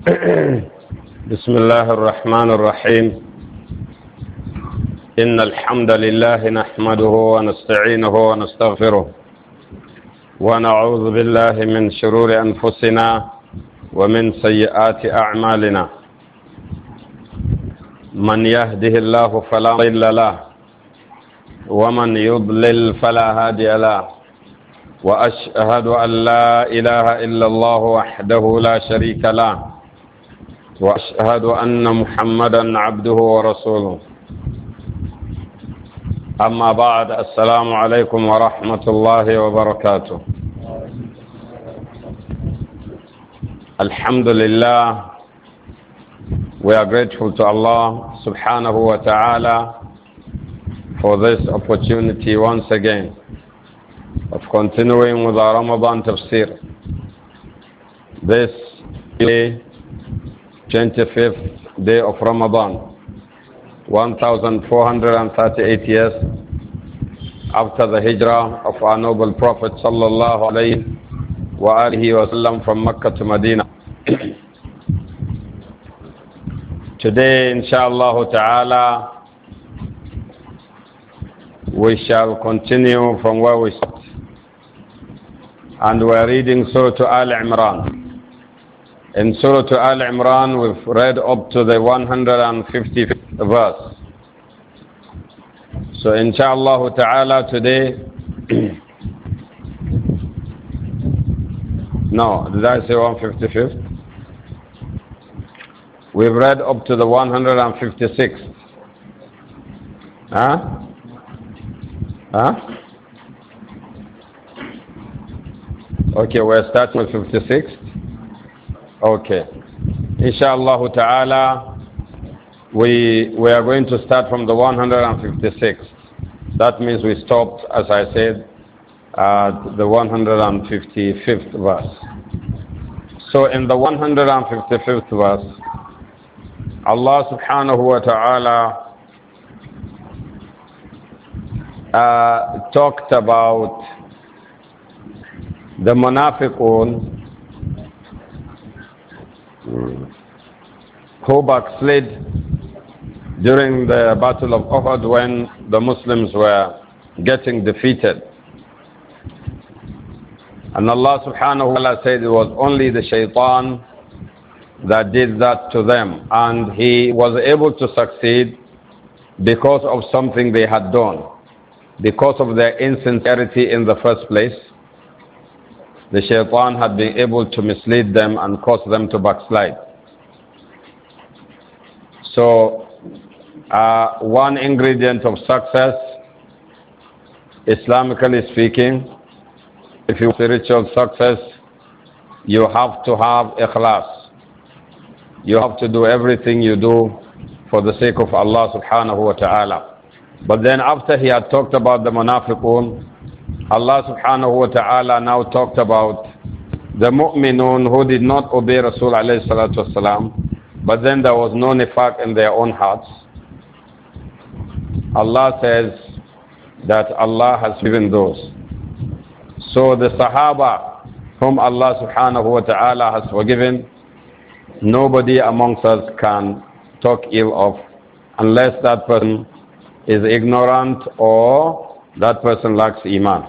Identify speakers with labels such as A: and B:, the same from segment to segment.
A: بسم الله الرحمن الرحيم إن الحمد لله نحمده ونستعينه ونستغفره ونعوذ بالله من شرور أنفسنا ومن سيئات أعمالنا من يهده الله فلا ضل له ومن يضلل فلا هادي له وأشهد أن لا إله إلا الله وحده لا شريك له واشهد ان محمدا عبده ورسوله اما بعد السلام عليكم ورحمه الله وبركاته الحمد لله we are grateful to allah subhanahu wa ta'ala for this opportunity once again of continuing with our ramadan tafsir this day 25th day of Ramadan, 1438 years after the hijrah of our noble Prophet sallallahu alayhi wa wasallam from Mecca to Medina. Today, inshallah ta'ala, we shall continue from where we stopped. And we are reading Surah Al-Imran. In Surah Al Imran, we've read up to the 150th verse. So, inshallah ta'ala, today. no, did I say 155th? We've read up to the 156th. Huh? Huh? Okay, we're starting with 56. Okay. Inshallah ta'ala, we, we are going to start from the 156th. That means we stopped, as I said, at the 155th verse. So in the 155th verse, Allah subhanahu wa ta'ala uh, talked about the munafiqun Hmm. who backslid during the Battle of Uhud when the Muslims were getting defeated. And Allah subhanahu wa ta'ala said it was only the shaitan that did that to them. And he was able to succeed because of something they had done, because of their insincerity in the first place, the shaitan had been able to mislead them and cause them to backslide. So, uh, one ingredient of success, Islamically speaking, if you want spiritual success, you have to have ikhlas. You have to do everything you do for the sake of Allah subhanahu wa ta'ala. But then after he had talked about the munafiqun, Allah subhanahu wa ta'ala now talked about the mu'minun who did not obey Rasul alayhi salatu wasalam, but then there was no nifaq in their own hearts. Allah says that Allah has given those. So the Sahaba whom Allah subhanahu wa ta'ala has forgiven, nobody amongst us can talk ill of unless that person is ignorant or that person lacks iman.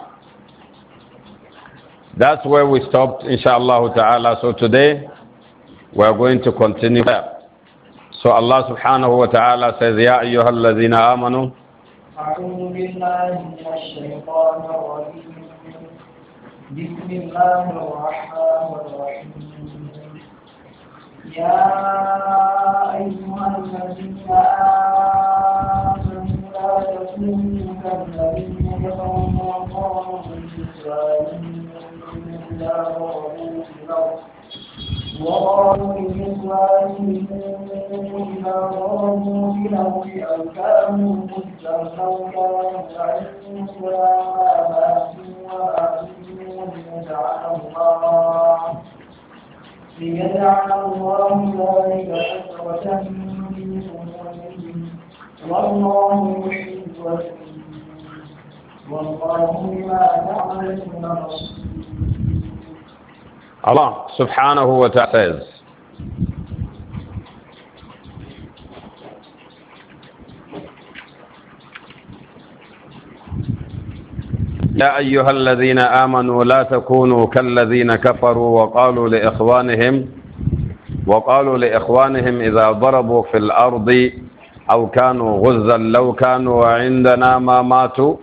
A: That's where we stopped, inshallah ta'ala. So today, we are going to continue that. So Allah subhanahu wa ta'ala says, Ya ayyuhal ladhina amanu.
B: بسم الله الرحمن الرحيم يا أيها الذين آمنوا ولا يكونك وقالوا لإخوانهم إذا ضربوا في الأرض أو كانوا مدا أو كانوا يعلمون ولا آباءهم ولا الله ليجعل الله ذلك حسرة والله سبحانه والله بما تعملون
A: يا أيها الذين آمنوا لا تكونوا كالذين كفروا وقالوا لإخوانهم وقالوا لإخوانهم إذا ضربوا في الأرض أو كانوا غزا لو كانوا عندنا ما ماتوا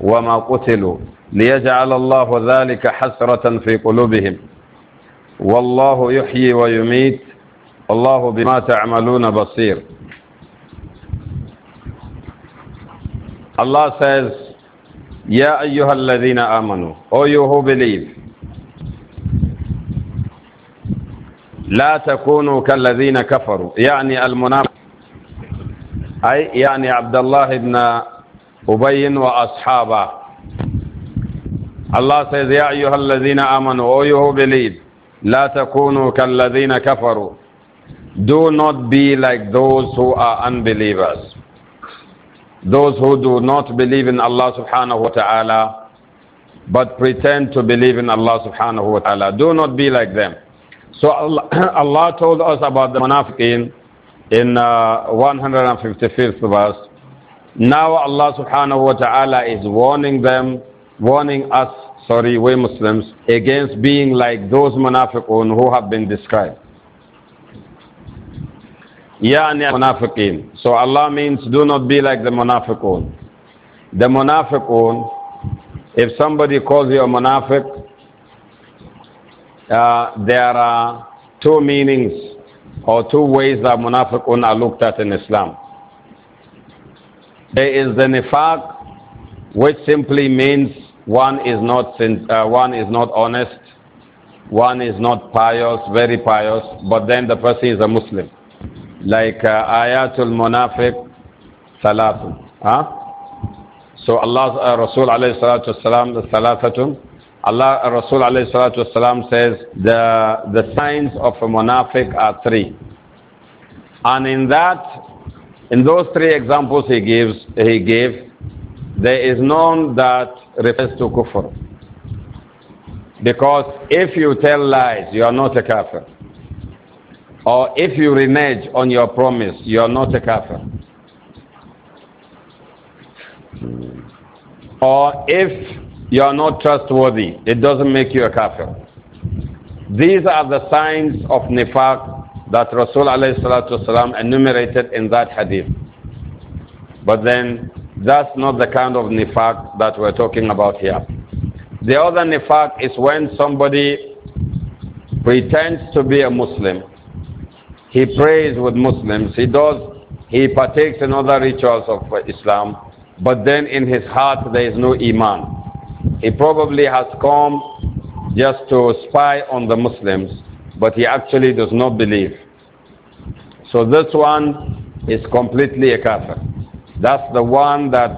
A: وما قتلوا ليجعل الله ذلك حسرة في قلوبهم والله يحيي ويميت الله بما تعملون بصير Allah says يا أيها الذين آمنوا O you who believe لا تكونوا كالذين كفروا يعني المنافق أي يعني عبد الله بن أبي وأصحابه الله سيد يا أيها الذين آمنوا O you who لا تكونوا كالذين كفروا Do not be like those who are unbelievers Those who do not believe in Allah subhanahu wa ta'ala but pretend to believe in Allah subhanahu wa ta'ala. Do not be like them. So Allah, Allah told us about the munafiqeen in uh, 155th verse, now Allah subhanahu wa ta'ala is warning them, warning us, sorry, we Muslims, against being like those munafiqun who have been described. Yani munafiqin. So Allah means do not be like the munafiqun. The munafiqun, if somebody calls you a munafiq, uh, there are two meanings or two ways that munafiqun are looked at in Islam. There is the nifaq, which simply means one is not, uh, one is not honest, one is not pious, very pious, but then the person is a Muslim. Like uh, ayatul munafiq salatun. Huh? So Allah, uh, Rasul alayhi salatu wasalam, salatatun Allah Rasul alayhi salatu wasalam says the, the signs of a monafik are three. And in that, in those three examples he gives, he gave, there is none that refers to kufr. Because if you tell lies, you are not a kafir. Or if you renege on your promise, you are not a kafir. Or if you are not trustworthy, it doesn't make you a kafir. These are the signs of nifaq that Rasul والسلام, enumerated in that hadith. But then, that's not the kind of nifaq that we're talking about here. The other nifaq is when somebody pretends to be a Muslim. He prays with Muslims. He does, he partakes in other rituals of Islam. But then in his heart there is no iman. He probably has come just to spy on the Muslims, but he actually does not believe. So this one is completely a kafir. That's the one that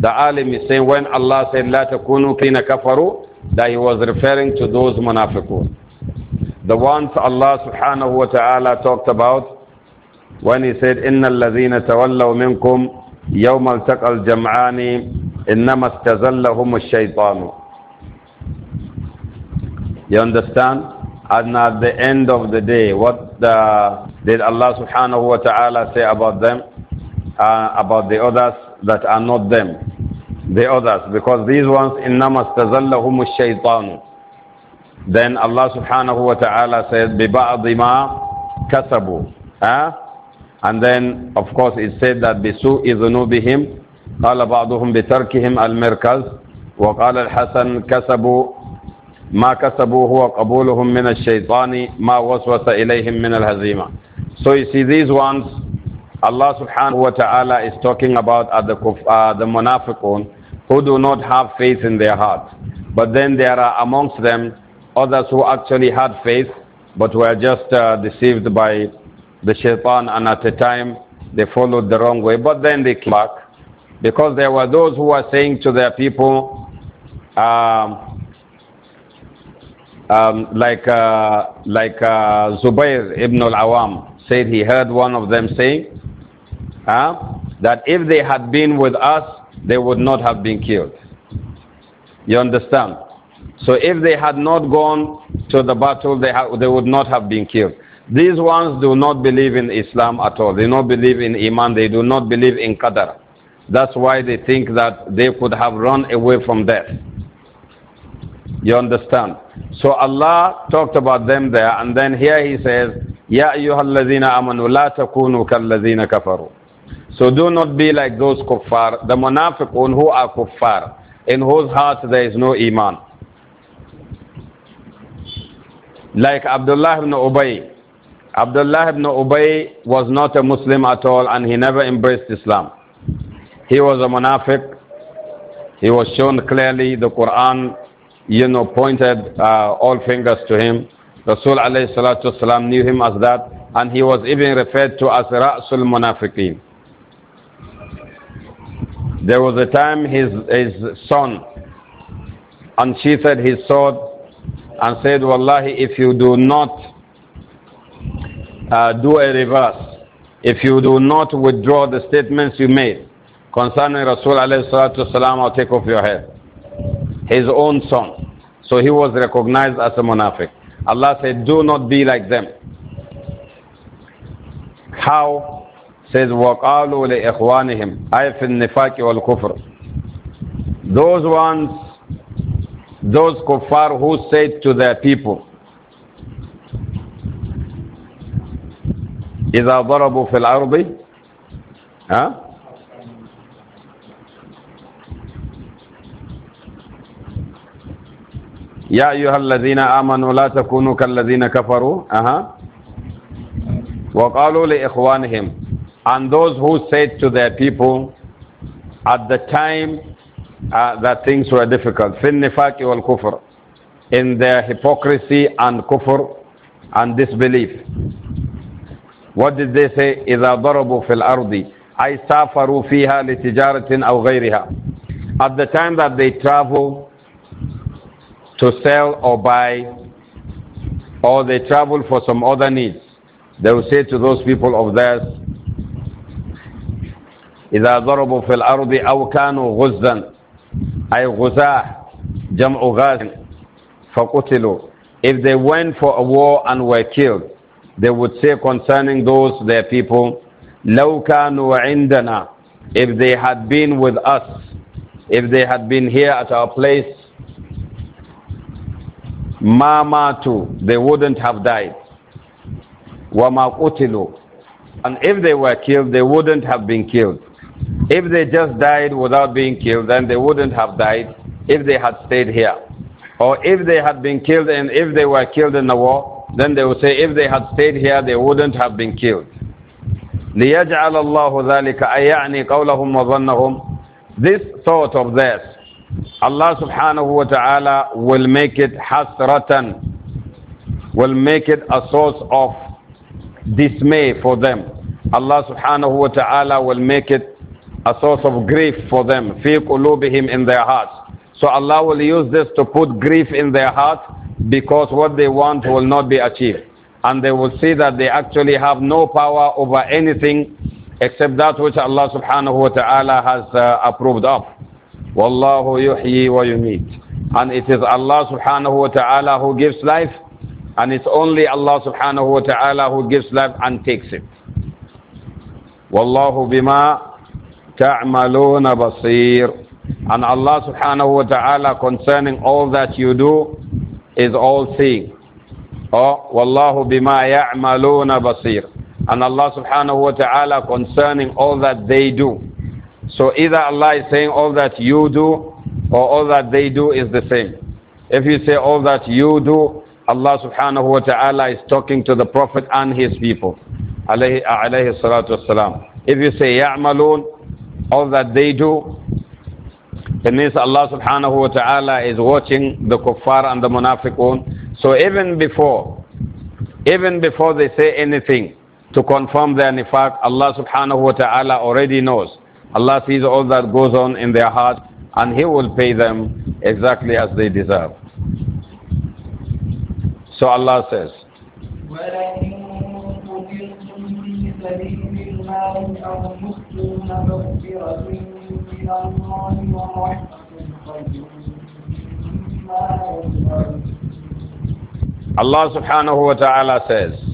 A: the alim is saying when Allah said, La takunu kina kafaru, that he was referring to those munafiqun. The ones Allah subhanahu wa ta'ala talked about when he said, Inna الَّذِينَ تَوَلَّوْا مِنْكُمْ يَوْمَ الْتَقَى الْجَمْعَانِ إِنَّمَا اسْتَزَلَّهُمُ الشَّيْطَانُ You understand? And at the end of the day, what the, uh, did Allah subhanahu wa ta'ala say about them? Uh, about the others that are not them. The others. Because these ones, إِنَّمَا اسْتَزَلَّهُمُ الشَّيْطَانُ Then Allah subhanahu wa ta'ala said, بِبَعْضِ مَا كَسَبُوا. Huh? And then, of course, it said that بِسُوءِ ذُنُوبِهِمْ قال بعضهم بتركهم المركز وقال الحسن كسبوا ما كسبوا هو قبولهم من الشيطان ما وسوس إليهم من الهزيمة So you see these ones Allah subhanahu wa ta'ala is talking about are the, uh, the munafiqun who do not have faith in their heart. But then there are amongst them others who actually had faith but were just uh, deceived by the shaitan and at the time they followed the wrong way. But then they came back because there were those who were saying to their people, um, um, like, uh, like uh, Zubayr ibn al-Awam said, he heard one of them saying huh, that if they had been with us, they would not have been killed. You understand? So if they had not gone to the battle, they, they would not have been killed. These ones do not believe in Islam at all. They do not believe in Iman. They do not believe in Qadar. That's why they think that they could have run away from death. You understand? So Allah talked about them there, and then here He says, "Ya amanu la takunu kafaru." So do not be like those kuffar, the munafiqun who are kuffar, in whose heart there is no iman. Like Abdullah ibn Ubay. Abdullah ibn Ubay was not a Muslim at all, and he never embraced Islam. He was a munafiq. He was shown clearly the Quran, you know, pointed uh, all fingers to him. Rasul alayhi salatu knew him as that, and he was even referred to as Ra'sul Munafiqeen. There was a time his, his son unsheathed his sword and said, Wallahi, if you do not uh, do a reverse, if you do not withdraw the statements you made, concerning Rasul alayhi I'll take off your head. His own son. So he was recognized as a munafiq. Allah said, do not be like them. How? Says, وَقَالُوا لِإِخْوَانِهِمْ أَيْ النِّفَاقِ وَالْكُفْرِ Those ones, those kuffar who said to their people, إِذَا ضَرَبُوا فِي الْأَرْضِ huh?" يا أيها الذين آمنوا لا تكونوا كالذين كفروا أها وقالوا لإخوانهم and those who said to their people at the time uh, that things were difficult في النفاق والكفر in their hypocrisy and kufr and disbelief what did they say إذا ضربوا في الأرض أي سافروا فيها لتجارة أو غيرها at the time that they traveled to sell or buy, or they travel for some other needs, they will say to those people of theirs, إذا ضربوا في الأرض أو كانوا غزا أي غزاة جمع غاز فقتلوا If they went for a war and were killed, they would say concerning those their people, لو كانوا عندنا If they had been with us, if they had been here at our place, too, they wouldn't have died. Wa ma qutilu. And if they were killed, they wouldn't have been killed. If they just died without being killed, then they wouldn't have died if they had stayed here. Or if they had been killed and if they were killed in the war, then they would say if they had stayed here, they wouldn't have been killed. ليجعل الله ذلك أي يعني قولهم وظنهم This thought of theirs Allah subhanahu wa ta'ala will make it hasratan, will make it a source of dismay for them. Allah subhanahu wa ta'ala will make it a source of grief for them. في قلوبهم in their hearts. So Allah will use this to put grief in their hearts because what they want will not be achieved. And they will see that they actually have no power over anything except that which Allah subhanahu wa ta'ala has uh, approved of. Wallahu yuhyi wa yumit. And it is Allah subhanahu wa ta'ala who gives life, and it's only Allah subhanahu wa ta'ala who gives life and takes it. Wallahu bima ta'maluna basir. And Allah subhanahu wa ta'ala concerning all that you do is all seeing. Oh, wallahu bima ya'maluna basir. And Allah subhanahu wa ta'ala concerning all that they do so either Allah is saying all that you do or all that they do is the same. If you say all that you do, Allah subhanahu wa ta'ala is talking to the Prophet and his people. Alayhi, alayhi salatu wasalam. If you say alone, all that they do, it means Allah subhanahu wa ta'ala is watching the kuffar and the munafiqun. So even before, even before they say anything to confirm their nifaq, Allah subhanahu wa ta'ala already knows Allah sees all that goes on in their heart and He will pay them exactly as they deserve. So Allah says, Allah subhanahu wa ta'ala says,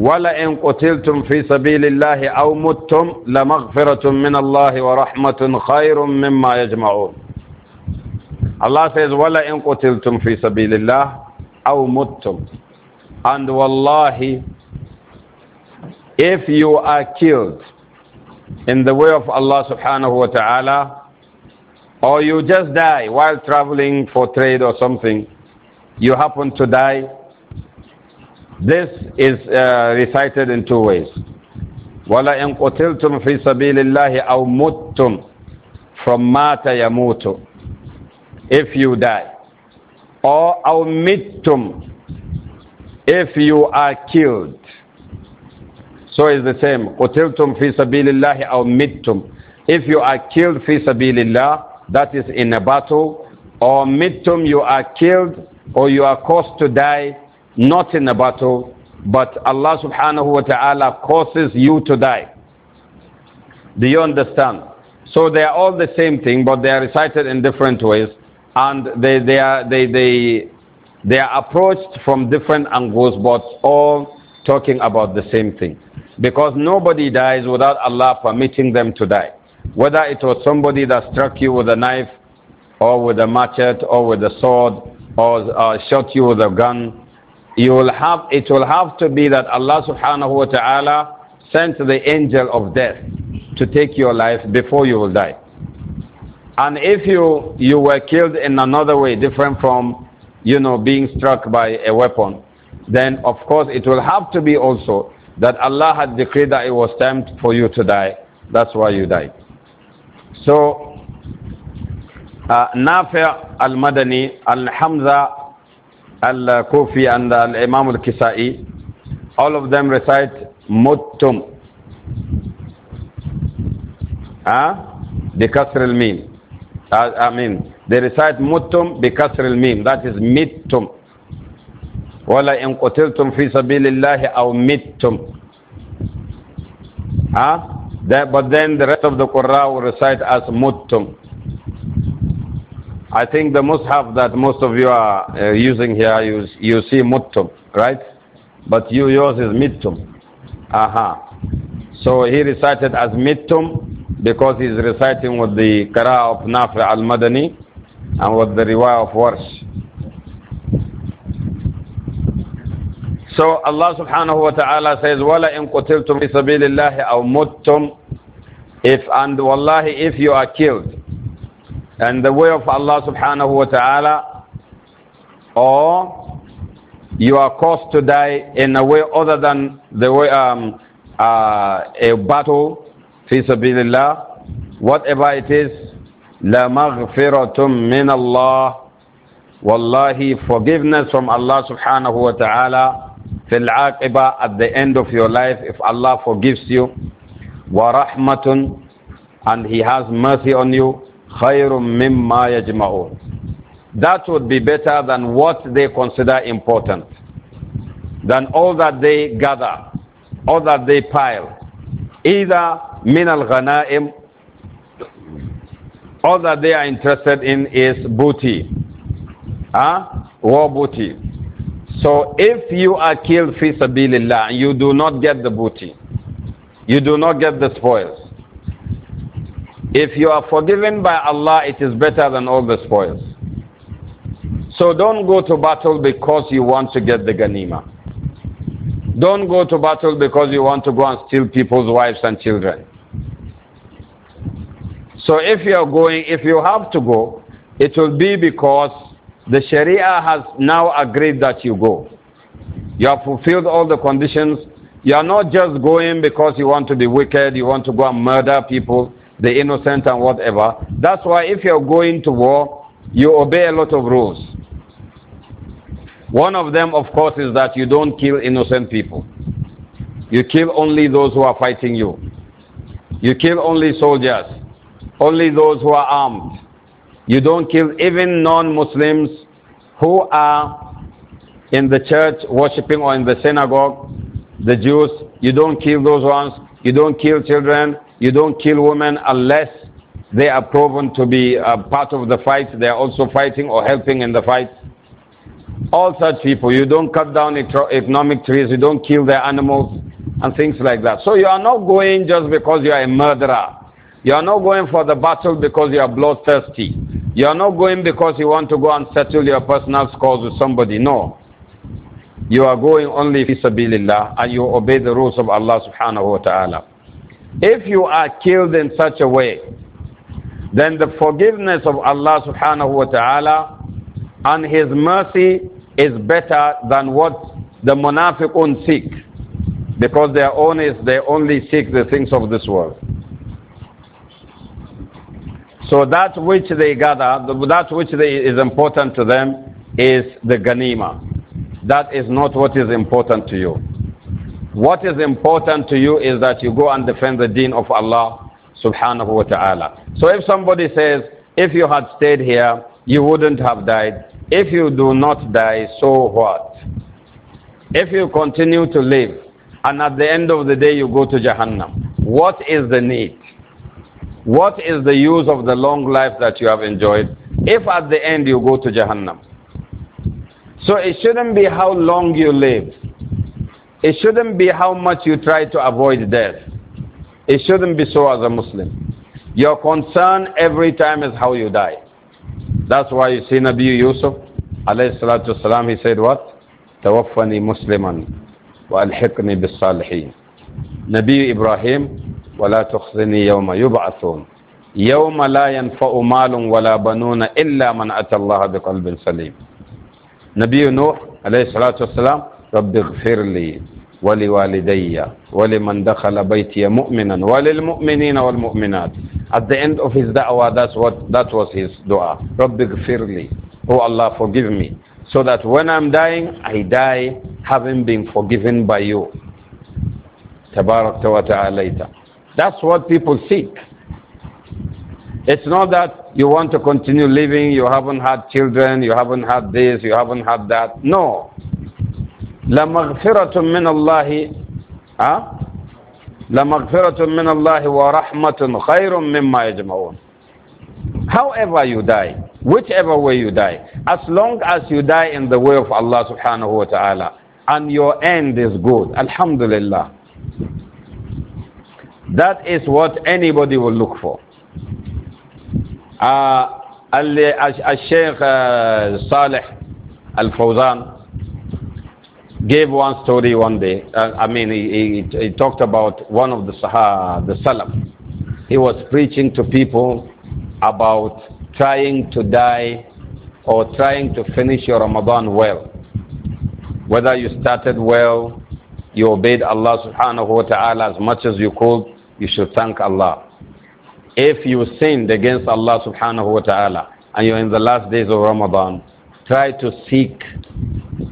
A: ولئن قتلتم في سبيل الله أو متم لمغفرة من الله ورحمة خير مما يجمعون Allah says ولئن قتلتم في سبيل الله أو متم and wallahi if you are killed in the way of Allah subhanahu wa ta'ala or you just die while traveling for trade or something you happen to die This is uh, recited in two ways. Wa قُتِلْتُمْ فِي سَبِيلِ اللَّهِ أَوْ مُتْتُمْ From مَاتَ If you die. Or أَوْ مِتْتُمْ If you are killed. So it's the same. قُتِلْتُمْ فِي سَبِيلِ اللَّهِ أَوْ If you are killed fi سَبِيلِ That is in a battle. Or مِتْتُمْ You are killed or you are caused to die not in a battle, but Allah subhanahu wa ta'ala causes you to die. Do you understand? So they are all the same thing, but they are recited in different ways, and they, they, are, they, they, they are approached from different angles, but all talking about the same thing. Because nobody dies without Allah permitting them to die. Whether it was somebody that struck you with a knife, or with a machete, or with a sword, or uh, shot you with a gun, you will have, it will have to be that Allah subhanahu wa ta'ala sent the angel of death to take your life before you will die. And if you, you were killed in another way, different from, you know, being struck by a weapon, then of course it will have to be also that Allah had decreed that it was time for you to die. That's why you died. So, uh, Nafi al-Madani, al-Hamza Al-Kufi and Al-Imam Al-Kisai, all of them recite Muttum. Huh? Kasr al-Mim. Uh, I mean, they recite Muttum Bikasr al-Mim. That is Mittum. ولا إن قتلتم في سبيل الله أو huh? That, but then the rest of the Qur'an will recite as muttum. I think the mushaf that most of you are uh, using here, you, you see muttum, right? But you, yours is mittum. Aha. Uh -huh. So he recited as mittum because he's reciting with the qira of Nafi al-Madani and with the riwayah of Warsh. So Allah subhanahu wa ta'ala says, وَلَا إِن قُتِلْتُمْ فِي سَبِيلِ اللَّهِ أَوْ مُتْتُمْ If, and wallahi, if you are killed and the way of Allah subhanahu wa ta'ala, or you are caused to die in a way other than the way um, uh, a battle, fi sabilillah, whatever it is, la maghfiratum min Allah. Wallahi, forgiveness from Allah subhanahu wa ta'ala fil aqiba at the end of your life if Allah forgives you. Wa rahmatun, and He has mercy on you. خَيْرٌ مِمَّا يَجْمَعُونَ That would be better than what they consider important, than all that they gather, all that they pile. Either min al-ghanaim, all that they are interested in is booty, huh? Ah, war booty. So if you are killed fi sabilillah, you do not get the booty, you do not get the spoils if you are forgiven by Allah, it is better than all the spoils. So don't go to battle because you want to get the ganima. Don't go to battle because you want to go and steal people's wives and children. So if you are going, if you have to go, it will be because the Sharia has now agreed that you go. You have fulfilled all the conditions. You are not just going because you want to be wicked, you want to go and murder people the innocent and whatever. That's why if you're going to war, you obey a lot of rules. One of them, of course, is that you don't kill innocent people. You kill only those who are fighting you. You kill only soldiers, only those who are armed. You don't kill even non Muslims who are in the church worshipping or in the synagogue, the Jews. You don't kill those ones. You don't kill children. You don't kill women unless they are proven to be part of the fight. They are also fighting or helping in the fight. All such people. You don't cut down economic trees. You don't kill their animals and things like that. So you are not going just because you are a murderer. You are not going for the battle because you are bloodthirsty. You are not going because you want to go and settle your personal scores with somebody. No. You are going only fi Allah and you obey the rules of Allah subhanahu wa ta'ala. If you are killed in such a way, then the forgiveness of Allah subhanahu wa ta'ala and His mercy is better than what the munafiqun seek. Because their own is they only seek the things of this world. So that which they gather, that which they, is important to them is the ganima. That is not what is important to you. What is important to you is that you go and defend the deen of Allah subhanahu wa ta'ala. So if somebody says, if you had stayed here, you wouldn't have died. If you do not die, so what? If you continue to live, and at the end of the day you go to Jahannam, what is the need? What is the use of the long life that you have enjoyed if at the end you go to Jahannam? So it shouldn't be how long you live. It shouldn't be how much you try to avoid death. It shouldn't be so as a Muslim. Your concern every time is how you die. That's why you see Nabi Yusuf, alayhi salatu salam, he said what? توفني مسلما وألحقني بالصالحين نبي إبراهيم ولا تخزني يوم يبعثون يوم لا ينفع مال ولا بنون إلا من أتى الله بقلب سليم نبي نوح عليه الصلاة والسلام رب اغفر لي ولوالدي ولمن دخل بيتي مؤمنا وللمؤمنين والمؤمنات at the end of his da'wah that's what that was his dua رب اغفر لي oh Allah forgive me so that when I'm dying I die having been forgiven by you تبارك وتعالى that's what people seek it's not that you want to continue living you haven't had children you haven't had this you haven't had that no لمغفرة من الله ها لمغفرة من الله ورحمة خير مما يجمعون However you die, whichever way you die, as long as you die in the way of Allah subhanahu wa ta'ala and your end is good, alhamdulillah. That is what anybody will look for. Uh, الشيخ صالح الفوزان gave one story one day. Uh, I mean, he, he, he, talked about one of the Sahaba, the Salaf. He was preaching to people about trying to die or trying to finish your Ramadan well. Whether you started well, you obeyed Allah subhanahu wa ta'ala as much as you could, you should thank Allah. If you sinned against Allah subhanahu wa ta'ala and you're in the last days of Ramadan, try to seek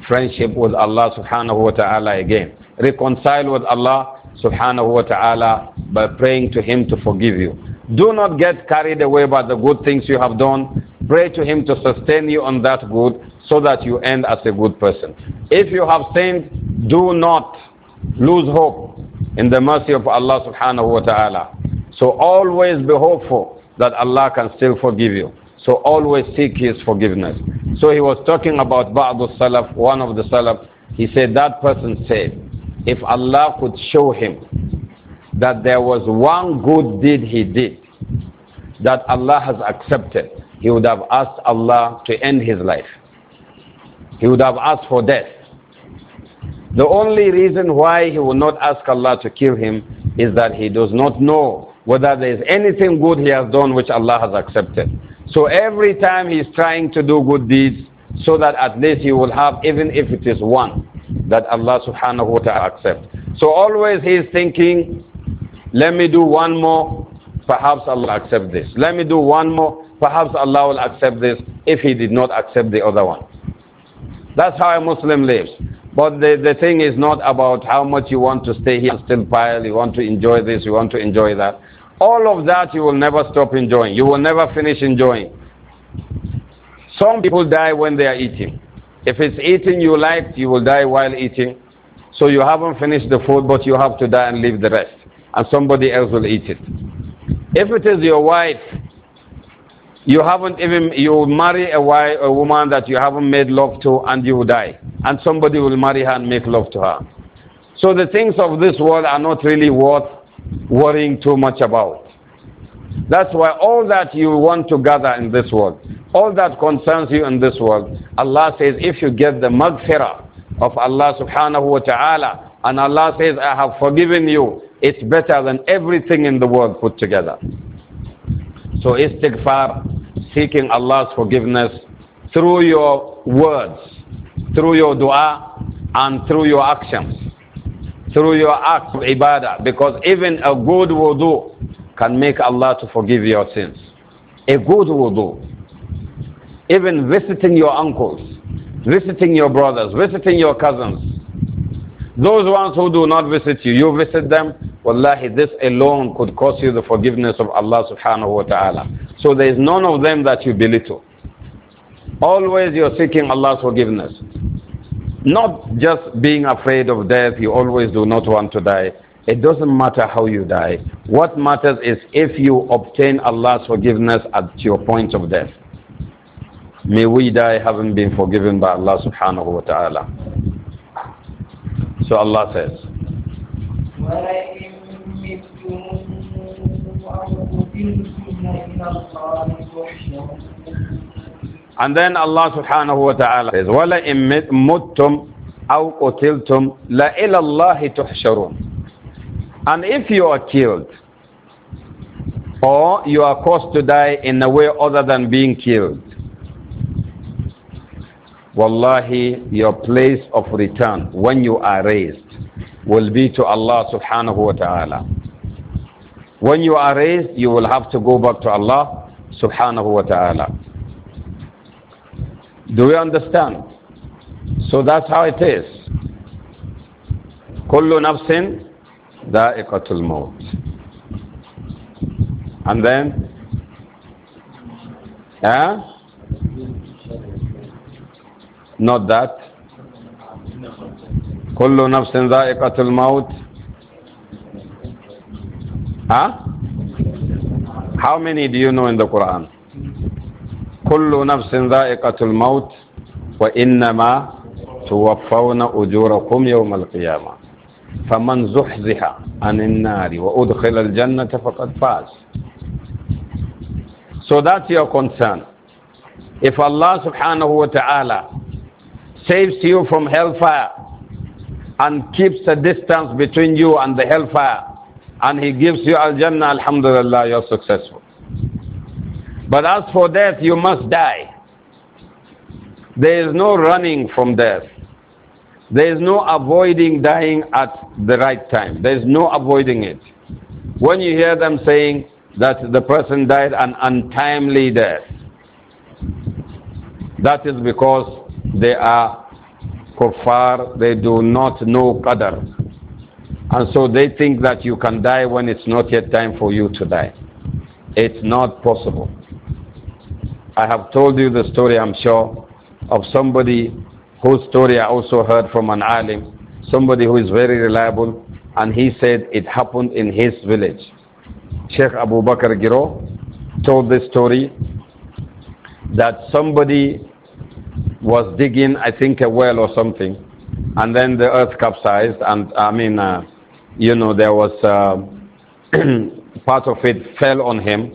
A: friendship with Allah subhanahu wa ta'ala again. Reconcile with Allah subhanahu wa ta'ala by praying to Him to forgive you. Do not get carried away by the good things you have done. Pray to Him to sustain you on that good so that you end as a good person. If you have sinned, do not lose hope in the mercy of Allah subhanahu wa ta'ala. So always be hopeful that Allah can still forgive you. So always seek his forgiveness. So he was talking about Ba'du Salaf, one of the Salaf. He said that person said, if Allah could show him that there was one good deed he did that Allah has accepted, he would have asked Allah to end his life. He would have asked for death. The only reason why he will not ask Allah to kill him is that he does not know whether there is anything good he has done which Allah has accepted. So every time he's trying to do good deeds, so that at least he will have, even if it is one, that Allah subhanahu wa ta'ala accepts. So always he is thinking, let me do one more, perhaps Allah accept this. Let me do one more, perhaps Allah will accept this if he did not accept the other one. That's how a Muslim lives. But the, the thing is not about how much you want to stay here and still pile, you want to enjoy this, you want to enjoy that. All of that you will never stop enjoying. You will never finish enjoying. Some people die when they are eating. If it's eating you like, you will die while eating. So you haven't finished the food, but you have to die and leave the rest. And somebody else will eat it. If it is your wife, you haven't even, you marry a, wife, a woman that you haven't made love to and you die. And somebody will marry her and make love to her. So the things of this world are not really worth worrying too much about. That's why all that you want to gather in this world, all that concerns you in this world, Allah says, if you get the maghfirah of Allah subhanahu wa ta'ala, and Allah says, I have forgiven you, it's better than everything in the world put together. So istighfar, seeking Allah's forgiveness through your words, through your dua, and through your actions through your acts of ibadah. Because even a good wudu can make Allah to forgive your sins. A good wudu. Even visiting your uncles, visiting your brothers, visiting your cousins. Those ones who do not visit you, you visit them, wallahi, this alone could cost you the forgiveness of Allah subhanahu wa ta'ala. So there is none of them that you belittle. Always you're seeking Allah's forgiveness. Not just being afraid of death, you always do not want to die. It doesn't matter how you die. What matters is if you obtain Allah's forgiveness at your point of death. May we die having been forgiven by Allah subhanahu wa ta'ala. So Allah says, and then Allah subhanahu wa ta'ala says, وَلَئِن مُتْتُمْ أَوْ قُتِلْتُمْ لَإِلَى اللَّهِ تُحْشَرُونَ And if you are killed, or you are caused to die in a way other than being killed, Wallahi, your place of return when you are raised will be to Allah subhanahu wa ta'ala. When you are raised, you will have to go back to Allah subhanahu wa ta'ala. Do we understand? So that's how it is. Kullu nafsin da'iqatul maut. And then? Eh? Not that. Kullu nafsin da'iqatul maut. Huh? How many do you know in the Quran? كل نفس ذائقة الموت وإنما توفون أجوركم يوم القيامة فمن زحزح عن النار وأدخل الجنة فقد فاز So that's your concern. If Allah subhanahu wa ta'ala saves you from hellfire and keeps a distance between you and the hellfire and he gives you al-jannah, alhamdulillah, you're successful. But as for death, you must die. There is no running from death. There is no avoiding dying at the right time. There is no avoiding it. When you hear them saying that the person died an untimely death, that is because they are kuffar, they do not know qadr. And so they think that you can die when it's not yet time for you to die. It's not possible. I have told you the story, I'm sure, of somebody whose story I also heard from an alim, somebody who is very reliable, and he said it happened in his village. Sheikh Abu Bakr Giro told this story that somebody was digging, I think, a well or something, and then the earth capsized, and I mean, uh, you know, there was uh, part of it fell on him,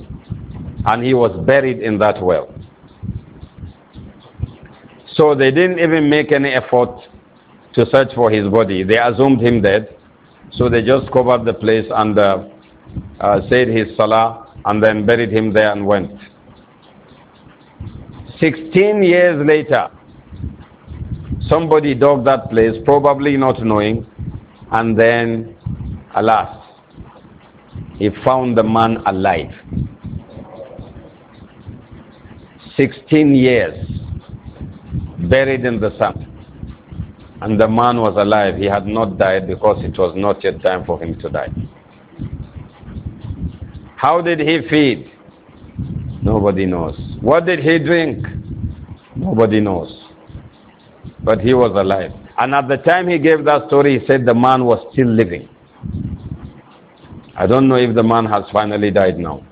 A: and he was buried in that well. So they didn't even make any effort to search for his body. They assumed him dead. So they just covered the place and uh, uh, said his salah and then buried him there and went. 16 years later, somebody dug that place, probably not knowing, and then, alas, he found the man alive. 16 years buried in the sand. And the man was alive. He had not died because it was not yet time for him to die. How did he feed? Nobody knows. What did he drink? Nobody knows. But he was alive. And at the time he gave that story, he said the man was still living. I don't know if the man has finally died now.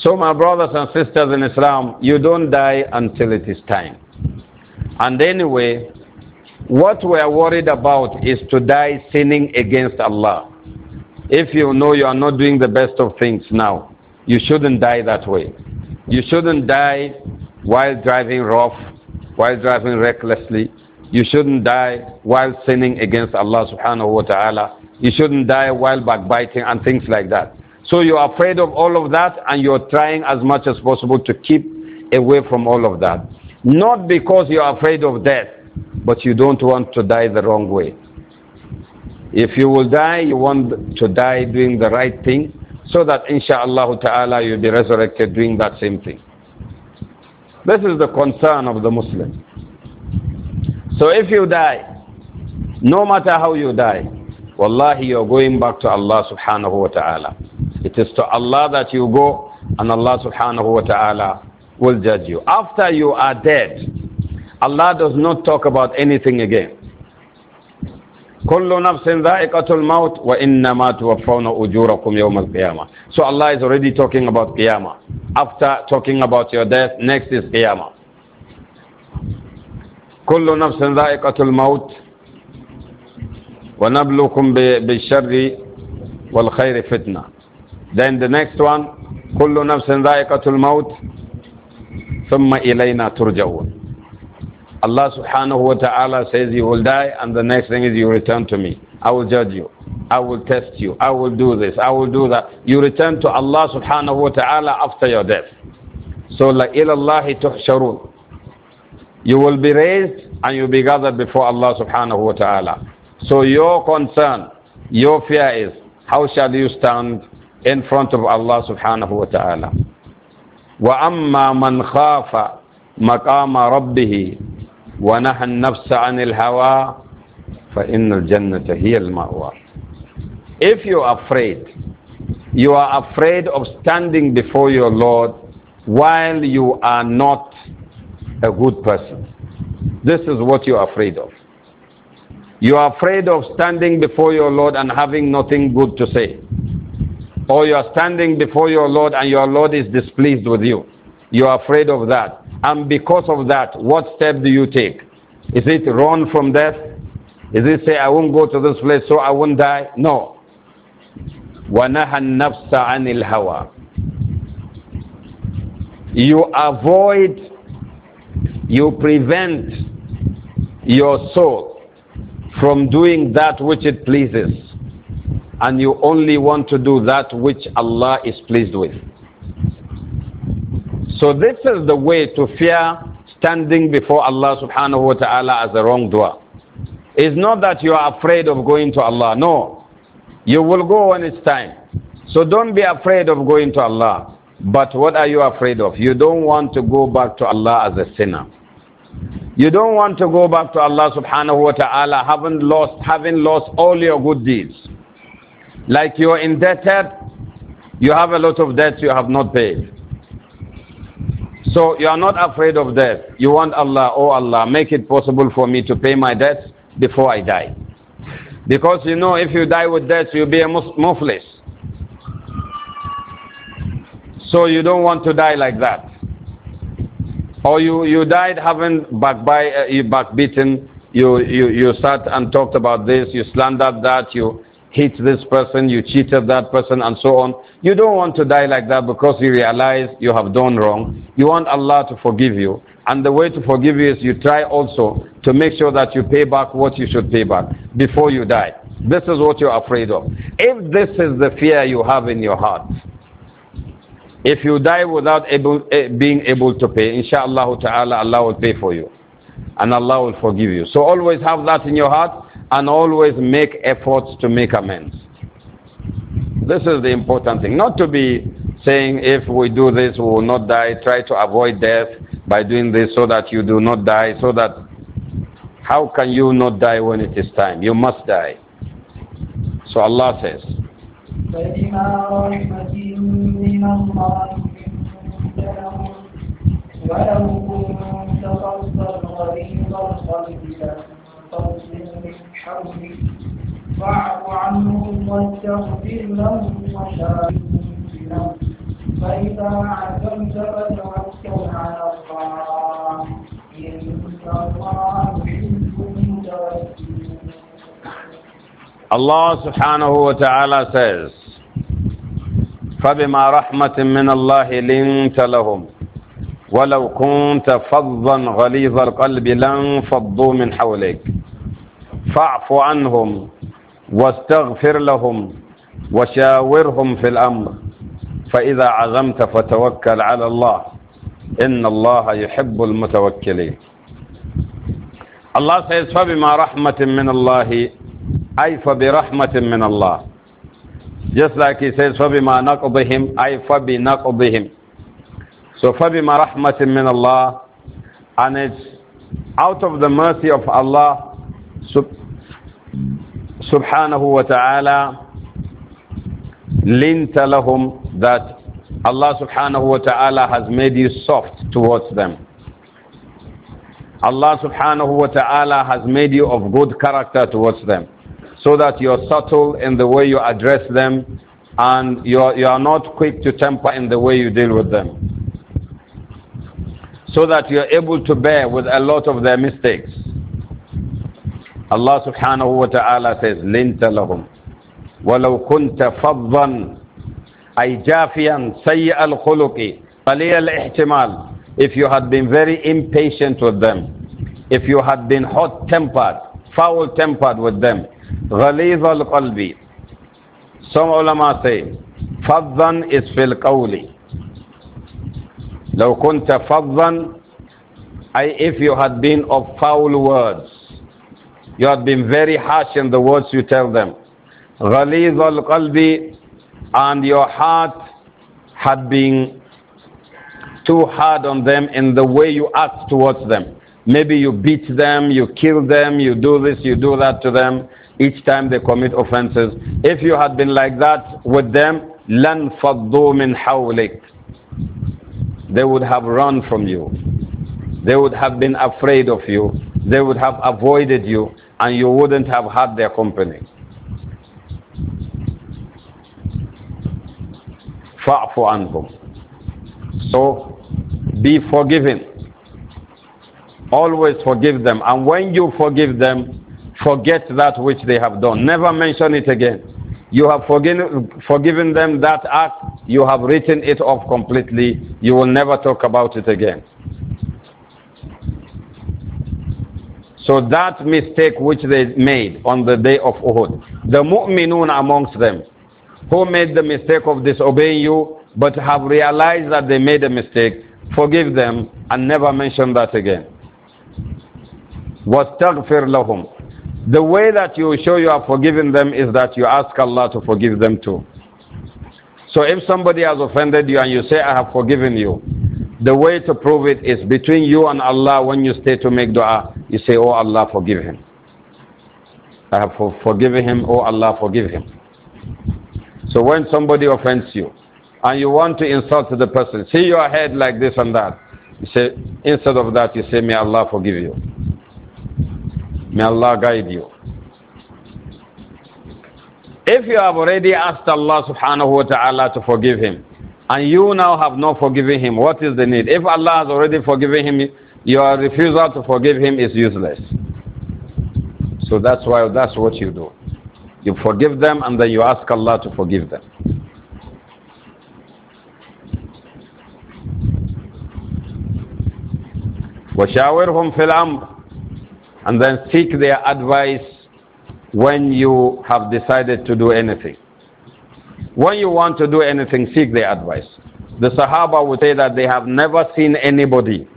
A: So, my brothers and sisters in Islam, you don't die until it is time. And anyway, what we are worried about is to die sinning against Allah. If you know you are not doing the best of things now, you shouldn't die that way. You shouldn't die while driving rough, while driving recklessly. You shouldn't die while sinning against Allah subhanahu wa ta'ala. You shouldn't die while backbiting and things like that. So you're afraid of all of that and you're trying as much as possible to keep away from all of that. Not because you're afraid of death, but you don't want to die the wrong way. If you will die, you want to die doing the right thing so that insha'Allah ta'ala you'll be resurrected doing that same thing. This is the concern of the Muslim. So if you die, no matter how you die, wallahi you're going back to Allah subhanahu wa ta'ala. It is to Allah that you go, and Allah subhanahu wa ta'ala will judge you. After you are dead, Allah does not talk about anything again. كل نفس ذائقة الموت وإنما توفون أجوركم يوم القيامة So Allah is already talking about Qiyamah. After talking about your death, next is Qiyamah. كل نفس ذائقة الموت ونبلوكم بالشر والخير then the next one, كل نفس ذائقة الموت ثم إلينا ترجعون. Allah subhanahu wa ta'ala says you will die and the next thing is you return to me. I will judge you. I will test you. I will do this. I will do that. You return to Allah subhanahu wa ta'ala after your death. So إلى الله تُحْشَرُون. You will be raised and you'll be gathered before Allah subhanahu wa ta'ala. So your concern, your fear is, how shall you stand in front of Allah subhanahu wa ta'ala. وَأَمَّا مَنْ خَافَ مَقَامَ رَبِّهِ وَنَهَى النَّفْسَ عَنِ الْهَوَى فَإِنَّ الْجَنَّةَ هِيَ الْمَأْوَى If you are afraid, you are afraid of standing before your Lord while you are not a good person. This is what you are afraid of. You are afraid of standing before your Lord and having nothing good to say or you are standing before your Lord and your Lord is displeased with you. You are afraid of that. And because of that, what step do you take? Is it run from death? Is it say, I won't go to this place so I won't die? No. You avoid, you prevent your soul from doing that which it pleases and you only want to do that which Allah is pleased with. So this is the way to fear standing before Allah subhanahu wa ta'ala as a wrongdoer. It's not that you are afraid of going to Allah. No. You will go when it's time. So don't be afraid of going to Allah. But what are you afraid of? You don't want to go back to Allah as a sinner. You don't want to go back to Allah subhanahu wa ta'ala having lost, having lost all your good deeds. Like you are indebted, you have a lot of debts you have not paid. So you are not afraid of death. You want Allah, oh Allah, make it possible for me to pay my debts before I die. Because you know, if you die with debts, you'll be a muflis. So you don't want to die like that. Or you, you died having back by, uh, backbeaten, you, you, you sat and talked about this, you slandered that, you, hit this person, you cheated that person, and so on. You don't want to die like that because you realize you have done wrong. You want Allah to forgive you. And the way to forgive you is you try also to make sure that you pay back what you should pay back before you die. This is what you're afraid of. If this is the fear you have in your heart, if you die without able, eh, being able to pay, inshallah ta'ala, Allah will pay for you. And Allah will forgive you. So always have that in your heart and always make efforts to make amends. This is the important thing. Not to be saying, if we do this, we will not die. Try to avoid death by doing this so that you do not die. So that how can you not die when it is time? You must die. So Allah says,
B: ولو كنت فظا غليظ القلب حربه فاعف عنهم واستغفر لهم وشاركهم في الامر فاذا عزمت فتوكل على الله ان الله يحب المتوكلين
A: Allah subhanahu wa ta'ala says, فَبِمَا رَحْمَةٍ مِّنَ اللَّهِ لِنْتَ لَهُمْ وَلَوْ كُنْتَ فَضًّا غَلِيظَ الْقَلْبِ لَنْ فَضُّوا مِنْ حَوْلِكَ فاعف عنهم واستغفر لهم وشاورهم في الأمر فإذا عزمت فتوكل على الله إن الله يحب المتوكلين الله says فبما رحمة من الله أي فبرحمة من الله just like he says فبما نقضهم أي فبنقضهم so فبما رحمة من الله and it's out of the mercy of Allah subhanahu wa ta'ala lint that Allah subhanahu wa ta'ala has made you soft towards them. Allah subhanahu wa ta'ala has made you of good character towards them so that you're subtle in the way you address them and you're, you are not quick to temper in the way you deal with them. So that you're able to bear with a lot of their mistakes. Allah subhanahu wa ta'ala says, لِنْتَ لَهُمْ وَلَوْ كُنْتَ فَضًّا أي جافيا سيء الخلق قليل الاحتمال if you had been very impatient with them if you had been hot tempered foul tempered with them غليظ القلب some ulama say فظا is في القول لو كنت فظا أي if you had been of foul words You have been very harsh in the words you tell them. غَلِيظَ الْقَلْبِ And your heart had been too hard on them in the way you act towards them. Maybe you beat them, you kill them, you do this, you do that to them each time they commit offenses. If you had been like that with them, لَنْ فَضُّوا مِنْ They would have run from you. They would have been afraid of you. They would have avoided you and you wouldn't have had their company. فَعْفُ عَنْهُمْ So, be forgiving. Always forgive them. And when you forgive them, forget that which they have done. Never mention it again. You have forgiven, forgiven them that act. You have written it off completely. You will never talk about it again. So that mistake which they made on the day of Uhud, the mu'minun amongst them, who made the mistake of disobeying you, but have realized that they made a mistake, forgive them and never mention that again. وَاسْتَغْفِرْ لَهُمْ The way that you show you are forgiving them is that you ask Allah to forgive them too. So if somebody has offended you and you say, I have forgiven you, the way to prove it is between you and Allah when you stay to make dua, you say, Oh Allah, forgive him. I have forgiven him, oh Allah, forgive him. So when somebody offends you and you want to insult the person, see your head like this and that. You say, instead of that, you say, May Allah forgive you. May Allah guide you. If you have already asked Allah subhanahu wa ta'ala to forgive him, and you now have not forgiven him, what is the need? If Allah has already forgiven him, your refusal to forgive him is useless. So that's why that's what you do. You forgive them and then you ask Allah to forgive them. وَشَاوِرْهُمْ فِي الْأَمْرِ And then seek their advice when you have decided to do anything. When you want to do anything, seek their advice. The Sahaba would say that they have never seen anybody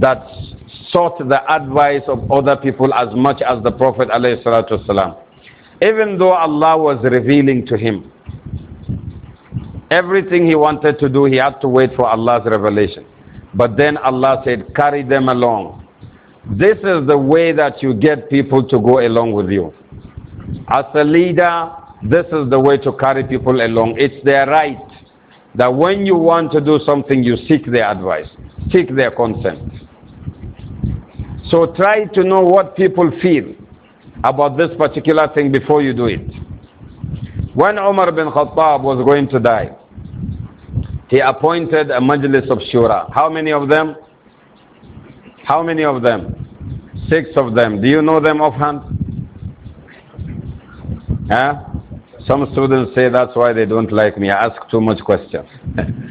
A: that sought the advice of other people as much as the Prophet ﷺ. Even though Allah was revealing to him, everything he wanted to do, he had to wait for Allah's revelation. But then Allah said, carry them along. This is the way that you get people to go along with you. As a leader, this is the way to carry people along. It's their right that when you want to do something, you seek their advice, seek their consent. So try to know what people feel about this particular thing before you do it. When Umar bin Khattab was going to die, he appointed a majlis of shura. How many of them? How many of them? Six of them. Do you know them offhand? Huh? Some students say that's why they don't like me. I ask too much questions.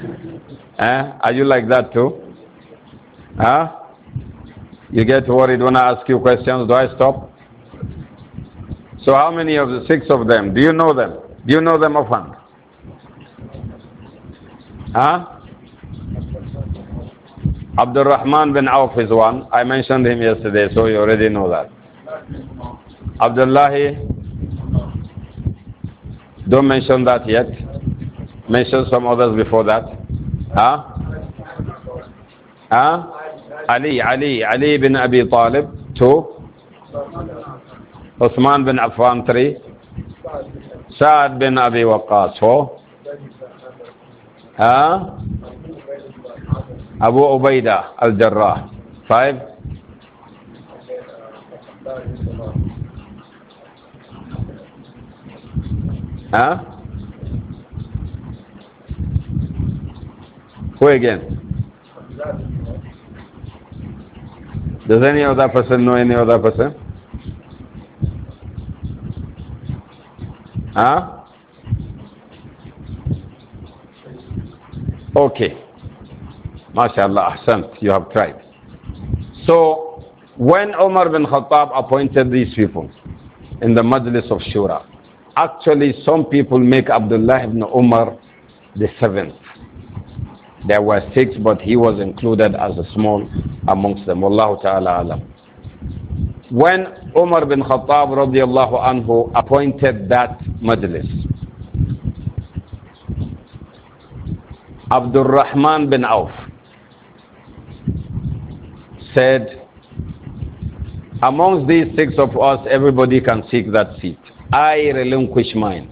A: eh? Are you like that too? Huh? You get worried when I ask you questions. Do I stop? So how many of the six of them? Do you know them? Do you know them often? Huh? Abdul Rahman bin Auf is one. I mentioned him yesterday, so you already know that. Abdullah Don't mention that yet. Mention some others before that. Huh? Huh? Ali, Ali, Ali bin Abi Talib, two. Uthman bin Affan, three. Saad bin Abi Waqqas, four. Huh? Abu Ubaidah al-Jarrah, five. Huh? Who again? Does any other person know any other person? Huh? ¿Ah? Okay. MashaAllah, ahsant, you have tried. So, when Omar bin Khattab appointed these people in the Majlis of Shura, Actually, some people make Abdullah ibn Umar the seventh. There were six, but he was included as a small amongst them. Wallahu ta'ala alam. When Umar bin Khattab radiallahu anhu appointed that majlis, Abdul Rahman bin Auf said, amongst these six of us, everybody can seek that seat. I relinquish mine.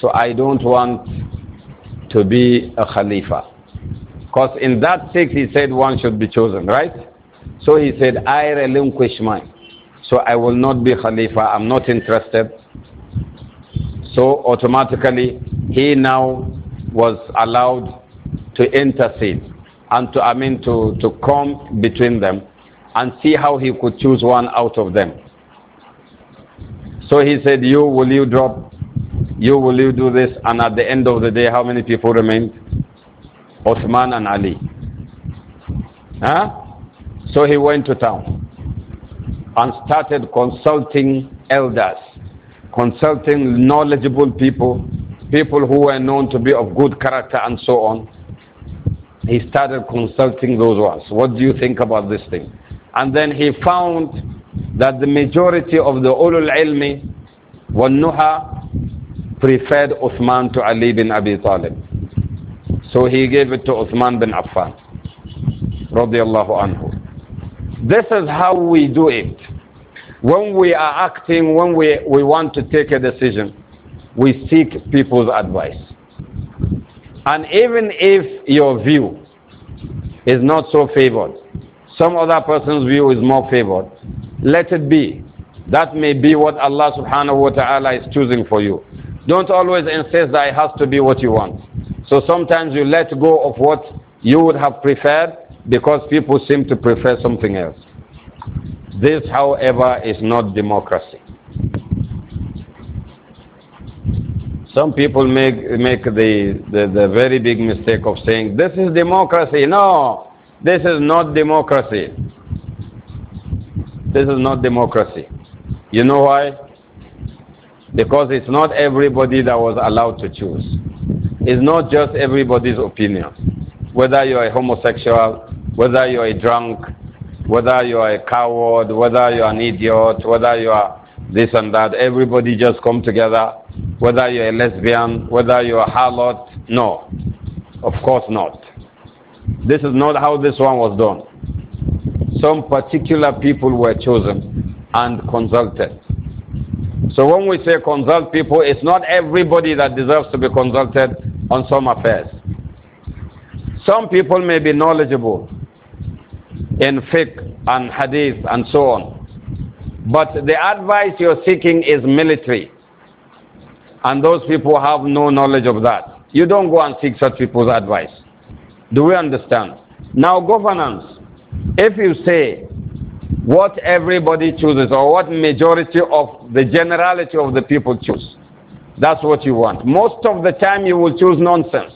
A: So I don't want to be a Khalifa. Because in that text he said one should be chosen, right? So he said, I relinquish mine. So I will not be Khalifa. I'm not interested. So automatically, he now was allowed to intercede and to, I mean, to, to come between them and see how he could choose one out of them. So he said, you, will you drop? You, will you do this? And at the end of the day, how many people remained? Osman and Ali. Huh? So he went to town and started consulting elders, consulting knowledgeable people, people who were known to be of good character and so on. He started consulting those ones. What do you think about this thing? And then he found that the majority of the ulul ilmi wal nuha preferred Uthman to Ali bin Abi Talib. So he gave it to Uthman bin Affan. Radiallahu anhu. This is how we do it. When we are acting, when we, we want to take a decision, we seek people's advice. And even if your view is not so favored, some other person's view is more favored, let it be. That may be what Allah subhanahu wa ta'ala is choosing for you. Don't always insist that it has to be what you want. So sometimes you let go of what you would have preferred because people seem to prefer something else. This, however, is not democracy. Some people make, make the, the, the very big mistake of saying, this is democracy. No, this is not democracy. This is not democracy. You know why? Because it's not everybody that was allowed to choose. It's not just everybody's opinion. Whether you're a homosexual, whether you're a drunk, whether you're a coward, whether you're an idiot, whether you are this and that, everybody just come together, whether you're a lesbian, whether you're a harlot, no, of course not. This is not how this one was done some particular people were chosen and consulted. So when we say consult people, it's not everybody that deserves to be consulted on some affairs. Some people may be knowledgeable in fiqh and hadith and so on. But the advice you're seeking is military. And those people have no knowledge of that. You don't go and seek such people's advice. Do we understand? Now, governance. If you say what everybody chooses or what majority of the generality of the people choose, that's what you want. Most of the time you will choose nonsense.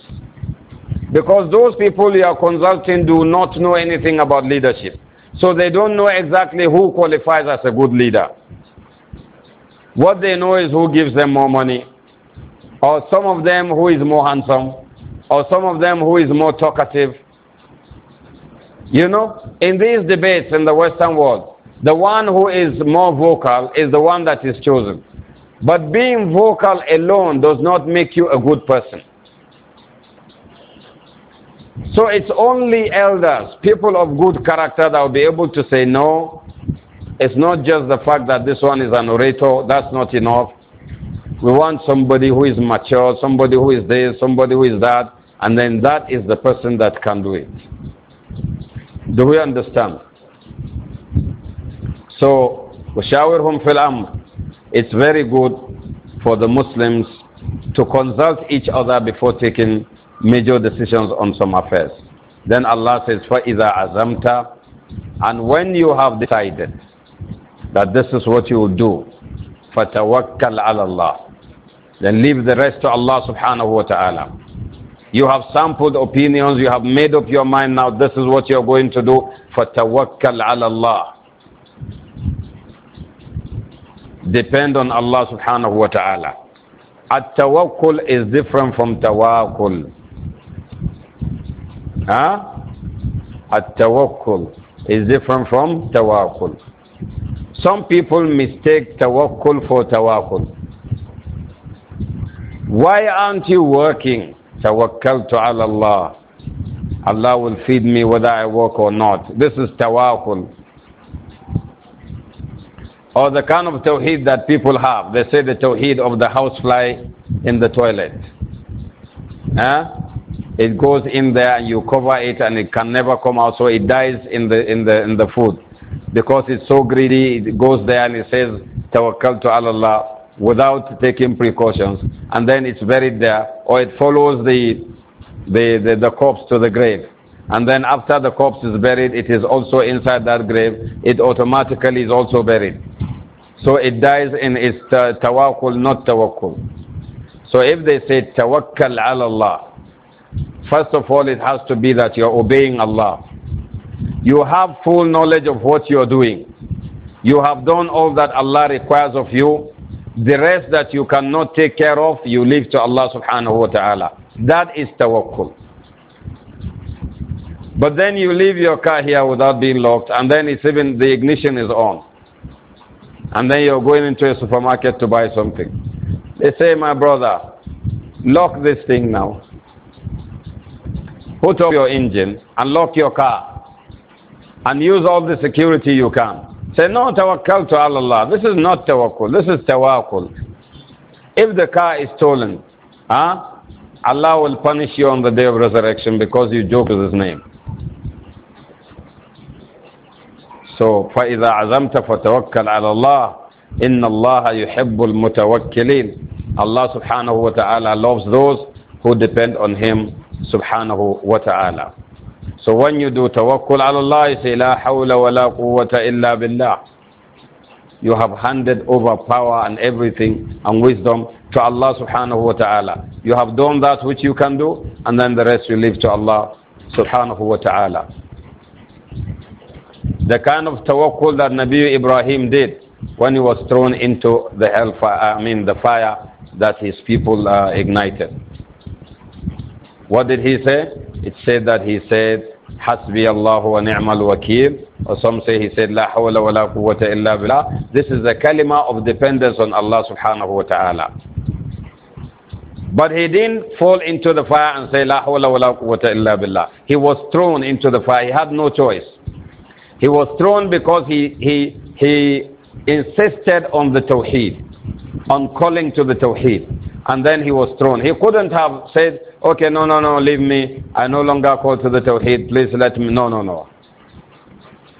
A: Because those people you are consulting do not know anything about leadership. So they don't know exactly who qualifies as a good leader. What they know is who gives them more money, or some of them who is more handsome, or some of them who is more talkative, you know, in these debates in the Western world, the one who is more vocal is the one that is chosen. But being vocal alone does not make you a good person. So it's only elders, people of good character, that will be able to say, no, it's not just the fact that this one is an orator, that's not enough. We want somebody who is mature, somebody who is this, somebody who is that, and then that is the person that can do it. Do we understand? So, وَشَاوِرْهُمْ فِي الْأَمْرِ It's very good for the Muslims to consult each other before taking major decisions on some affairs. Then Allah says, either azamta, And when you have decided that this is what you will do, فَتَوَكَّلْ ala Allah, Then leave the rest to Allah subhanahu wa ta'ala. You have sampled opinions, you have made up your mind now, this is what you're going to do. فَتَوَكَّلْ عَلَى اللَّهِ Depend on Allah subhanahu wa ta'ala. At-tawakkul is different from tawakkul. Huh? At-tawakkul is different from tawakkul. Some people mistake tawakkul for tawakkul. Why aren't you working? Tawakkaltu ala Allah. Allah will feed me whether I work or not. This is tawakkul. Or the kind of tawheed that people have. They say the tawheed of the housefly in the toilet. Huh? It goes in there and you cover it and it can never come out, so it dies in the, in the, in the food. Because it's so greedy, it goes there and it says, Tawakkal to Allah without taking precautions, and then it's buried there, or it follows the, the, the, the corpse to the grave. And then after the corpse is buried, it is also inside that grave, it automatically is also buried. So it dies in its tawakkul, not tawakkul. So if they say tawakkal ala Allah, first of all, it has to be that you're obeying Allah. You have full knowledge of what you're doing. You have done all that Allah requires of you the rest that you cannot take care of, you leave to Allah subhanahu wa ta'ala. That is tawakkul. But then you leave your car here without being locked, and then it's even the ignition is on. And then you're going into a supermarket to buy something. They say, My brother, lock this thing now. Put off your engine and lock your car. And use all the security you can. Say, no, tawakkal to Allah. This is not tawakkul. This is tawakkul. If the car is stolen, huh, Allah will punish you on the day of resurrection because you joke with His name. So, فَإِذَا عَزَمْتَ فَتَوَكَّلْ عَلَى اللَّهِ إِنَّ اللَّهَ يُحِبُّ الْمُتَوَكِّلِينَ Allah subhanahu wa ta'ala loves those who depend on Him subhanahu wa ta'ala. So when you do tawakkul ala Allah, you say la hawla wa la quwwata illa billah. You have handed over power and everything and wisdom to Allah subhanahu wa ta'ala. You have done that which you can do and then the rest you leave to Allah subhanahu wa ta'ala. The kind of tawakkul that Nabi Ibrahim did when he was thrown into the hellfire, I mean the fire that his people uh, ignited. What did he say? It said that he said, Hasbi Allah wa ni'mal wakil. Or some say he said, La hawla wa la quwwata illa billah. This is the kalima of dependence on Allah subhanahu wa ta'ala. But he didn't fall into the fire and say, La hawla wa la quwwata illa billah. He was thrown into the fire. He had no choice. He was thrown because he, he, he insisted on the tawheed, on calling to the tawheed and then he was thrown. He couldn't have said, okay, no, no, no, leave me. I no longer call to the Tawheed. Please let me. No, no, no.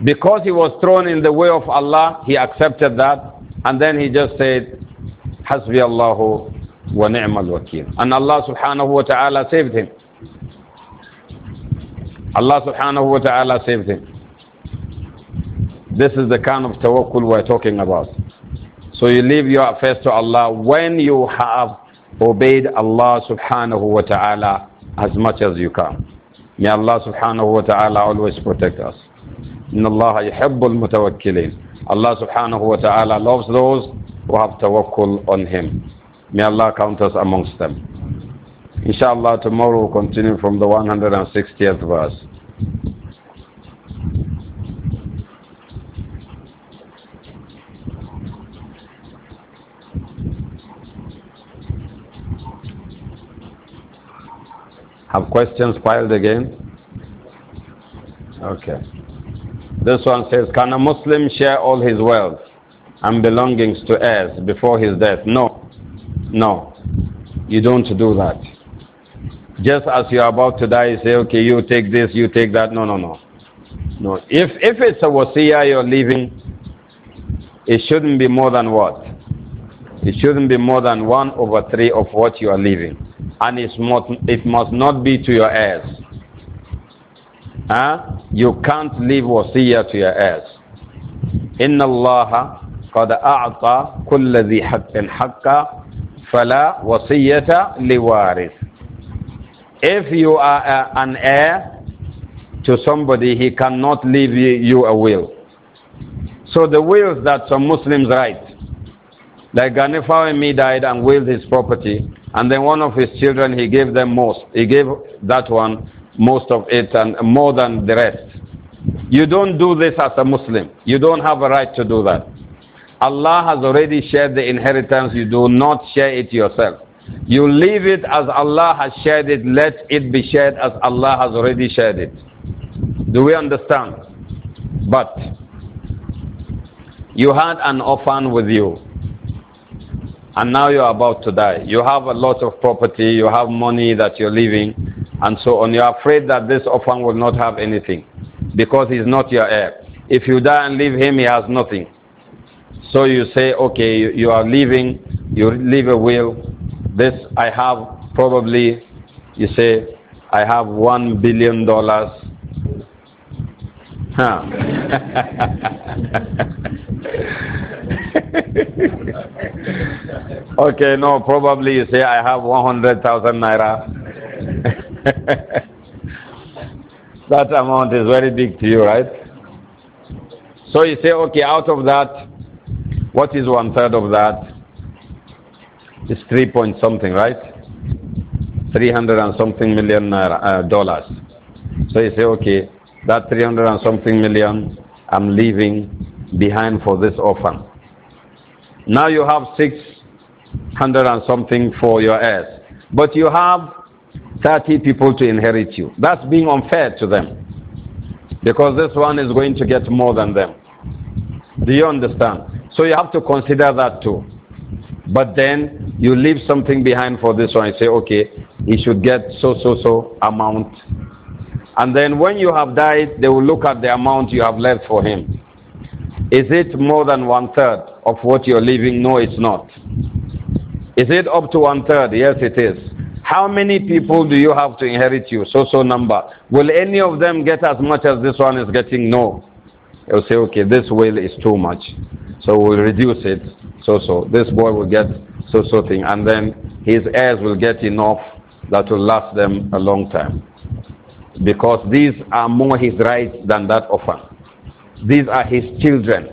A: Because he was thrown in the way of Allah, he accepted that. And then he just said, Hasbi Allahu wa ni'mal wakil. And Allah subhanahu wa ta'ala saved him. Allah subhanahu wa ta'ala saved him. This is the kind of tawakkul we're talking about. So you leave your affairs to Allah when you have obeyed Allah subhanahu wa ta'ala as much as you can. May Allah subhanahu wa ta'ala always protect us. Inna Allah yuhibbul mutawakkilin. Allah subhanahu wa ta'ala loves those who have tawakkul on Him. May Allah count us amongst them. Inshallah, tomorrow we'll continue from the 160th verse. Have questions filed again? Okay. This one says, Can a Muslim share all his wealth and belongings to heirs before his death? No. No. You don't do that. Just as you're about to die, you say, Okay, you take this, you take that. No, no, no. No. If, if it's a wasiya you're leaving, it shouldn't be more than what? It shouldn't be more than one over three of what you are leaving and it must, it must not be to your heirs. Huh? You can't leave wasiya to your heirs. In Allah, قد أعطى كل ذي حق fala فلا وصية لوارث If you are an heir to somebody, he cannot leave you a will. So the wills that some Muslims write, like me died and willed his property, and then one of his children, he gave them most. He gave that one most of it and more than the rest. You don't do this as a Muslim. You don't have a right to do that. Allah has already shared the inheritance. You do not share it yourself. You leave it as Allah has shared it. Let it be shared as Allah has already shared it. Do we understand? But you had an orphan with you and now you're about to die. You have a lot of property, you have money that you're leaving, and so on. You're afraid that this orphan will not have anything because he's not your heir. If you die and leave him, he has nothing. So you say, okay, you, are leaving, you leave a will. This I have probably, you say, I have one billion dollars.
B: Huh. okay,
A: no, probably you say, I have 100,000 naira. that amount is very big to you, right? So you say, okay, out of that, what is one third of that? It's three point something, right? 300 and something million naira, uh, uh, dollars. So you say, okay, that 300 and something million I'm leaving behind for this orphan. Now you have 600 and something for your heirs. But you have 30 people to inherit you. That's being unfair to them. Because this one is going to get more than them. Do you understand? So you have to consider that too. But then you leave something behind for this one. You say, okay, he should get so, so, so amount. And then when you have died, they will look at the amount you have left for him. Is it more than one third of what you're leaving? No, it's not. Is it up to one third? Yes, it is. How many people do you have to inherit you? So, so number. Will any of them get as much as this one is getting? No. You'll say, okay, this will is too much. So we'll reduce it. So, so. This boy will get so, so thing. And then his heirs will get enough that will last them a long time. Because these are more his rights than that offer. These are his children.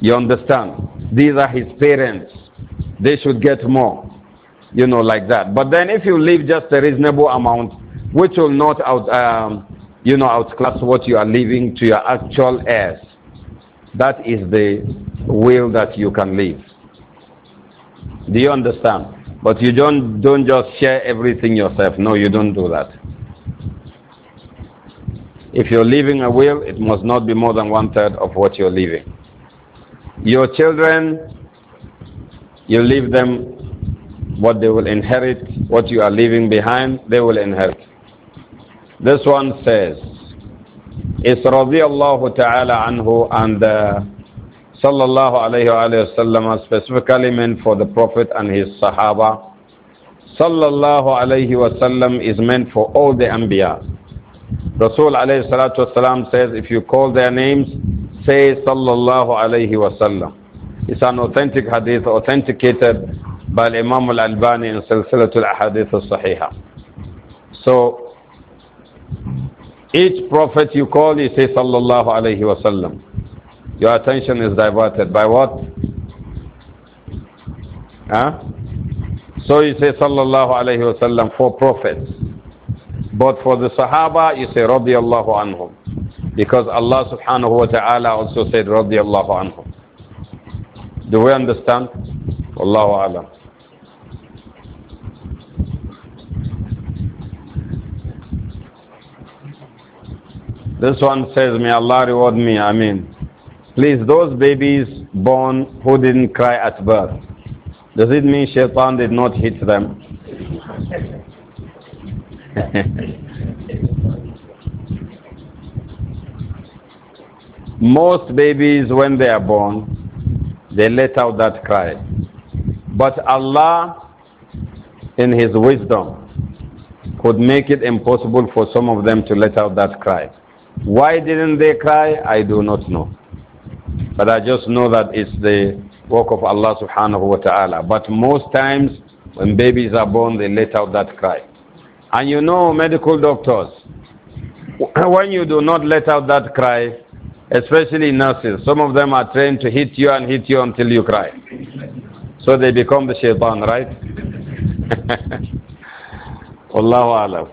A: You understand? These are his parents. They should get more. You know, like that. But then if you leave just a reasonable amount, which will not out, um, you know, outclass what you are leaving to your actual heirs, that is the will that you can leave. Do you understand? But you don't, don't just share everything yourself. No, you don't do that. If you're leaving a will, it must not be more than one third of what you're leaving. Your children, you leave them what they will inherit, what you are leaving behind, they will inherit. This one says, It's radiallahu ta'ala anhu and uh, sallallahu alayhi wa sallam specifically meant for the Prophet and his Sahaba. Sallallahu alayhi wa sallam is meant for all the Anbiya. Rasul alayhi salatu wasalam says, if you call their names, say sallallahu alayhi wasallam. It's an authentic hadith, authenticated by Imam al-Albani in Silsilatul Ahadith al-Sahiha. So, each prophet you call, you say sallallahu alayhi wasallam. Your attention is diverted by what? Huh? So you say sallallahu alayhi wasallam for prophets. But for the Sahaba, you say radiallahu anhum. Because Allah subhanahu wa ta'ala also said radiallahu anhum. Do we understand? Allahu alam. This one says, May Allah reward me. I mean, please, those babies born who didn't cry at birth, does it mean shaitan did not hit them? Most babies, when they are born, they let out that cry. But Allah, in His wisdom, could make it impossible for some of them to let out that cry. Why didn't they cry? I do not know. But I just know that it's the work of Allah subhanahu wa ta'ala. But most times, when babies are born, they let out that cry. And you know, medical doctors, when you do not let out that cry, especially nurses, some of them are trained to hit you and hit you until you cry. So they become the shaitan, right? Allahu alam.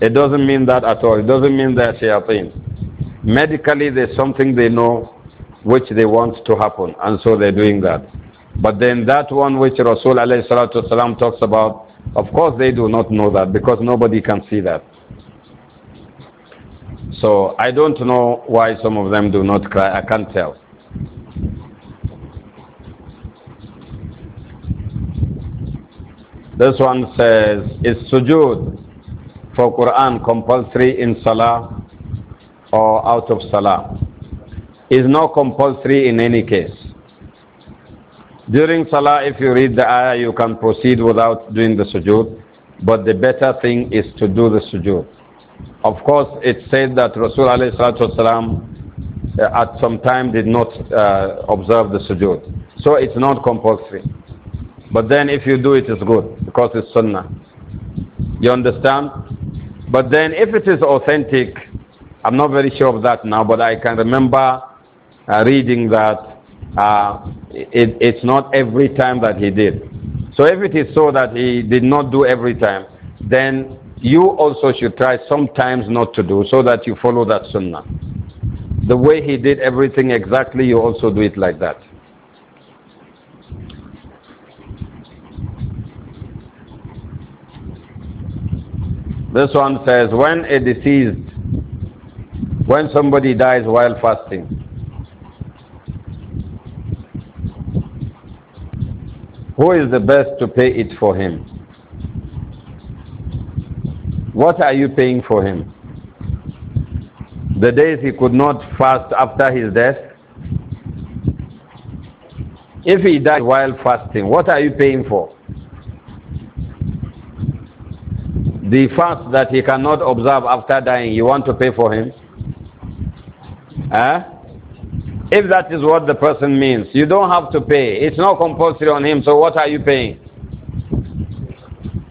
A: It doesn't mean that at all. It doesn't mean that shaitan Medically, there's something they know which they want to happen, and so they're doing that. But then that one which Rasul alayhi salatu talks about, of course, they do not know that because nobody can see that. So I don't know why some of them do not cry. I can't tell. This one says, is sujood for Quran compulsory in Salah or out of Salah? Is not compulsory in any case. During salah, if you read the ayah, you can proceed without doing the sujood. But the better thing is to do the sujood. Of course, it said that Rasul والسلام, uh, at some time did not uh, observe the sujood. So it's not compulsory. But then if you do it, it's good because it's sunnah. You understand? But then if it is authentic, I'm not very sure of that now, but I can remember uh, reading that uh, it, it's not every time that he did. So if it is so that he did not do every time, then you also should try sometimes not to do so that you follow that sunnah. The way he did everything exactly, you also do it like that. This one says, when a deceased, when somebody dies while fasting, Who is the best to pay it for him? What are you paying for him? The days he could not fast after his death? If he died while fasting, what are you paying for? The fast that he cannot observe after dying, you want to pay for him? Huh? If that is what the person means, you don't have to pay. It's not compulsory on him, so what are you paying?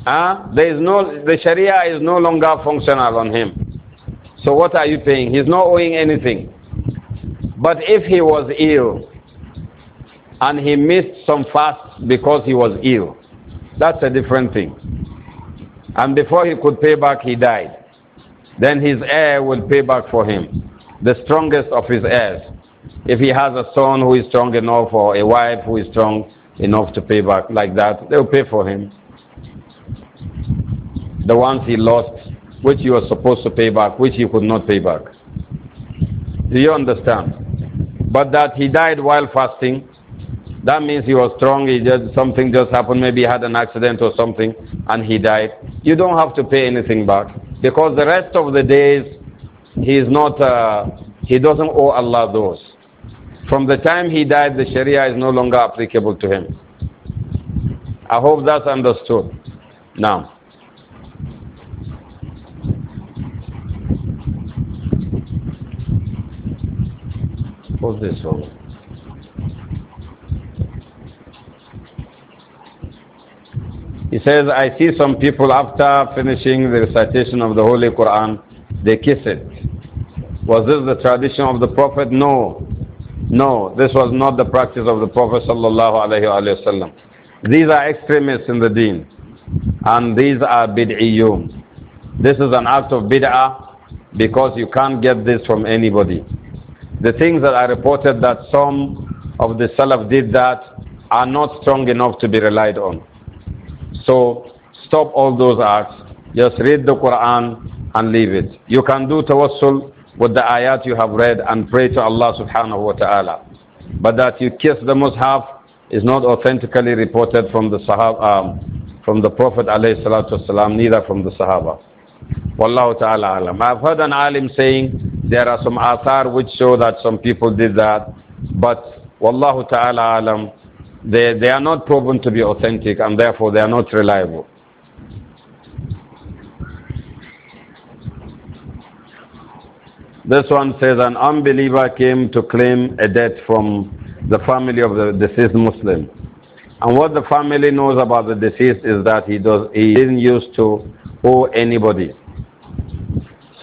A: Huh? There is no, the Sharia is no longer functional on him. So what are you paying? He's not owing anything. But if he was ill and he missed some fasts because he was ill, that's a different thing. And before he could pay back, he died. Then his heir will pay back for him, the strongest of his heirs. If he has a son who is strong enough or a wife who is strong enough to pay back like that, they'll pay for him. The ones he lost, which he was supposed to pay back, which he could not pay back. Do you understand? But that he died while fasting, that means he was strong, he just something just happened, maybe he had an accident or something, and he died. You don't have to pay anything back because the rest of the days he is not uh, he doesn't owe Allah those. From the time he died, the Sharia is no longer applicable to him. I hope that's understood. Now. Hold this over. He says, I see some people after finishing the recitation of the Holy Quran, they kiss it. Was this the tradition of the Prophet? No. No, this was not the practice of the Prophet ﷺ. These are extremists in the deen. And these are bid'iyyun. This is an act of bid'ah because you can't get this from anybody. The things that I reported that some of the Salaf did that are not strong enough to be relied on. So stop all those acts. Just read the Quran and leave it. You can do tawassul with the ayat you have read and pray to Allah subhanahu wa ta'ala. But that you kiss the mushaf is not authentically reported from the sahab, um, from the Prophet alayhi salatu wasalam, neither from the Sahaba. Wallahu ta'ala alam. I've heard an alim saying there are some athar which show that some people did that, but wallahu ta'ala alam, they, they are not proven to be authentic and therefore they are not reliable. This one says an unbeliever came to claim a debt from the family of the deceased Muslim. And what the family knows about the deceased is that he, does, he didn't used to owe anybody.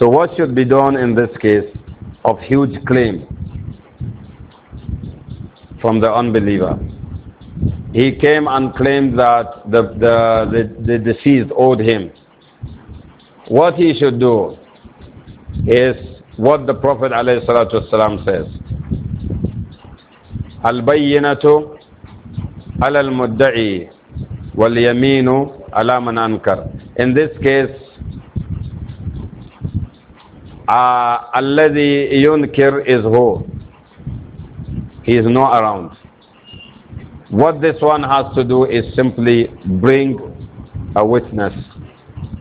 A: So what should be done in this case of huge claim from the unbeliever? He came and claimed that the, the, the, the deceased owed him. What he should do is what the Prophet ﷺ says. Al-bayyinatu ala al-mudda'i wal-yaminu ala ankar. In this case, uh, alladhi uh, yunkir is who? He is not around. What this one has to do is simply bring a witness.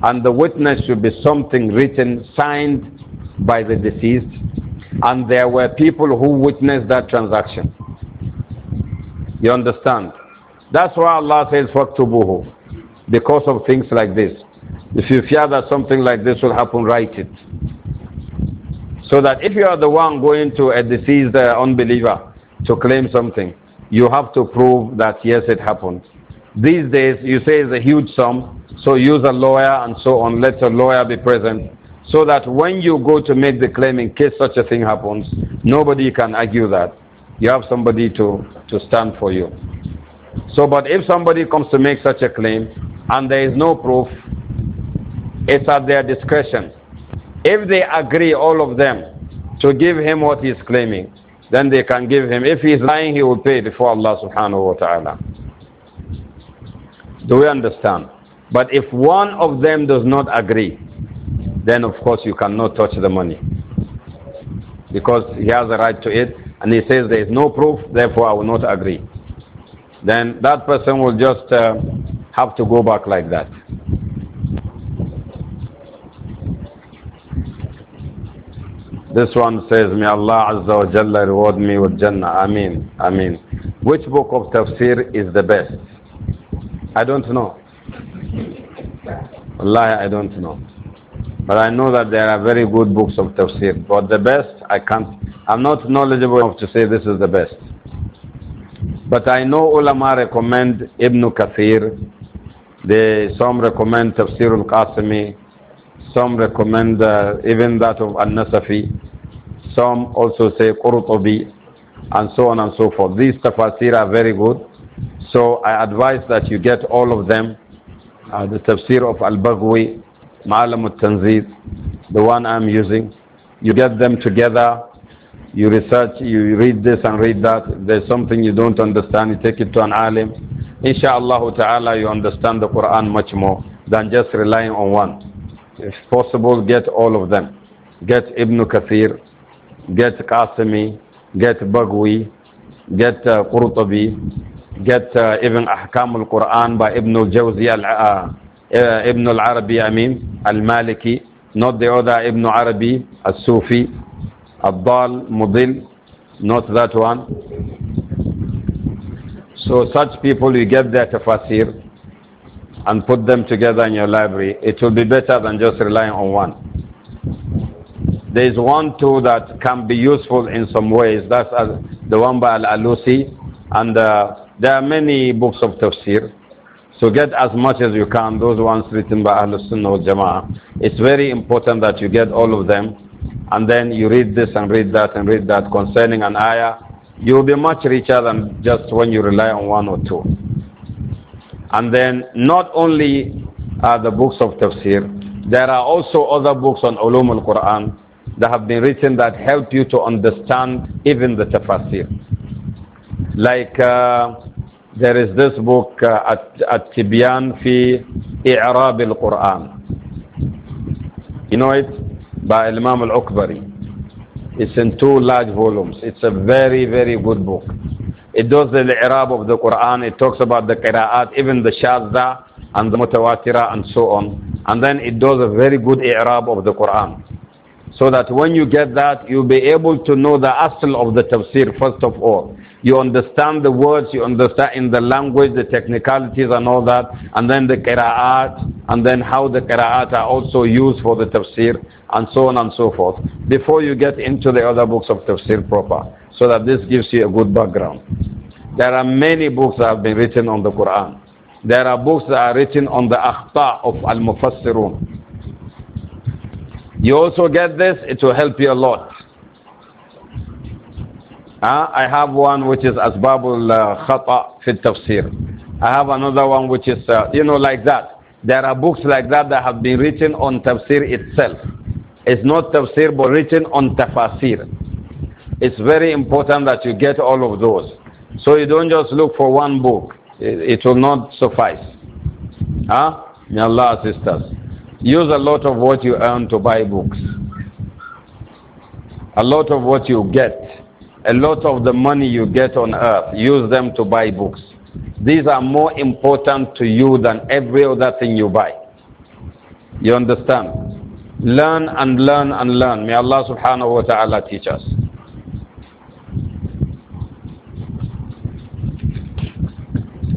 A: And the witness should be something written, signed, by the deceased, and there were people who witnessed that transaction. You understand? That's why Allah says, Faktubuhu, because of things like this. If you fear that something like this will happen, write it. So that if you are the one going to a deceased uh, unbeliever to claim something, you have to prove that yes, it happened. These days, you say it's a huge sum, so use a lawyer and so on. Let a lawyer be present so that when you go to make the claim in case such a thing happens, nobody can argue that. You have somebody to, to stand for you. So, but if somebody comes to make such a claim and there is no proof, it's at their discretion. If they agree, all of them, to give him what he is claiming, then they can give him. If he is lying, he will pay before Allah subhanahu wa ta'ala. Do we understand? But if one of them does not agree, then of course you cannot touch the money. Because he has a right to it and he says there is no proof, therefore I will not agree. Then that person will just uh, have to go back like that. This one says, May Allah Azza wa Jalla reward me with Jannah. Amin, Amin. Which book of tafsir is the best? I don't know. Allah, I don't know. But I know that there are very good books of tafsir. But the best, I can't, I'm not knowledgeable enough to say this is the best. But I know ulama recommend Ibn Kathir, they, some recommend Tafsir al-Qasimi, some recommend uh, even that of An-Nasafi, some also say Qurtubi, and so on and so forth. These tafsir are very good. So I advise that you get all of them. Uh, the tafsir of Al-Baghwi, Ma'alam al the one I'm using. You get them together, you research, you read this and read that. There's something you don't understand, you take it to an alim. Insha'Allah ta'ala, you understand the Quran much more than just relying on one. If possible, get all of them. Get Ibn Kathir, get Qasimi, get Bagwi, get uh, Qurtubi, get uh, even Ahkam al-Quran by Ibn al-Jawzi al-A'a. Uh, uh, Ibn al-Arabi, I mean, al-Maliki, not the other Ibn al Arabi, al-Sufi, al-Dal, Mudil, not that one. So such people, you get their tafsir and put them together in your library. It will be better than just relying on one. There is one tool that can be useful in some ways. That's uh, the one by Al-Alusi. And uh, there are many books of tafsir. So get as much as you can, those ones written by Ahlul Sunnah wal Jama'ah. It's very important that you get all of them. And then you read this and read that and read that concerning an ayah. You'll be much richer than just when you rely on one or two. And then not only are the books of tafsir, there are also other books on ulum al-Quran that have been written that help you to understand even the tafsir. Like... Uh, there is this book, uh, At-Tibyan fi I'rab al-Qur'an. You know it? By Imam al-Ukbari. It's in two large volumes. It's a very, very good book. It does the i'rab of the Quran. It talks about the qira'at, even the shazda and the mutawatira and so on. And then it does a very good i'rab of the Quran. So that when you get that, you'll be able to know the asl of the tafsir first of all you understand the words, you understand in the language, the technicalities and all that, and then the qira'at, and then how the qira'at are also used for the tafsir, and so on and so forth, before you get into the other books of tafsir proper, so that this gives you a good background. There are many books that have been written on the Quran. There are books that are written on the akhta of al-mufassirun. You also get this, it will help you a lot. Uh, I have one which is Asbabul uh, Khata fi Tafsir. I have another one which is, uh, you know, like that. There are books like that that have been written on Tafsir itself. It's not Tafsir, but written on Tafasir. It's very important that you get all of those. So you don't just look for one book. It, it will not suffice. Huh? May Allah assist us. Use a lot of what you earn to buy books. A lot of what you get a lot of the money you get on earth, use them to buy books. These are more important to you than every other thing you buy. You understand? Learn and learn and learn. May Allah subhanahu wa ta'ala teach us.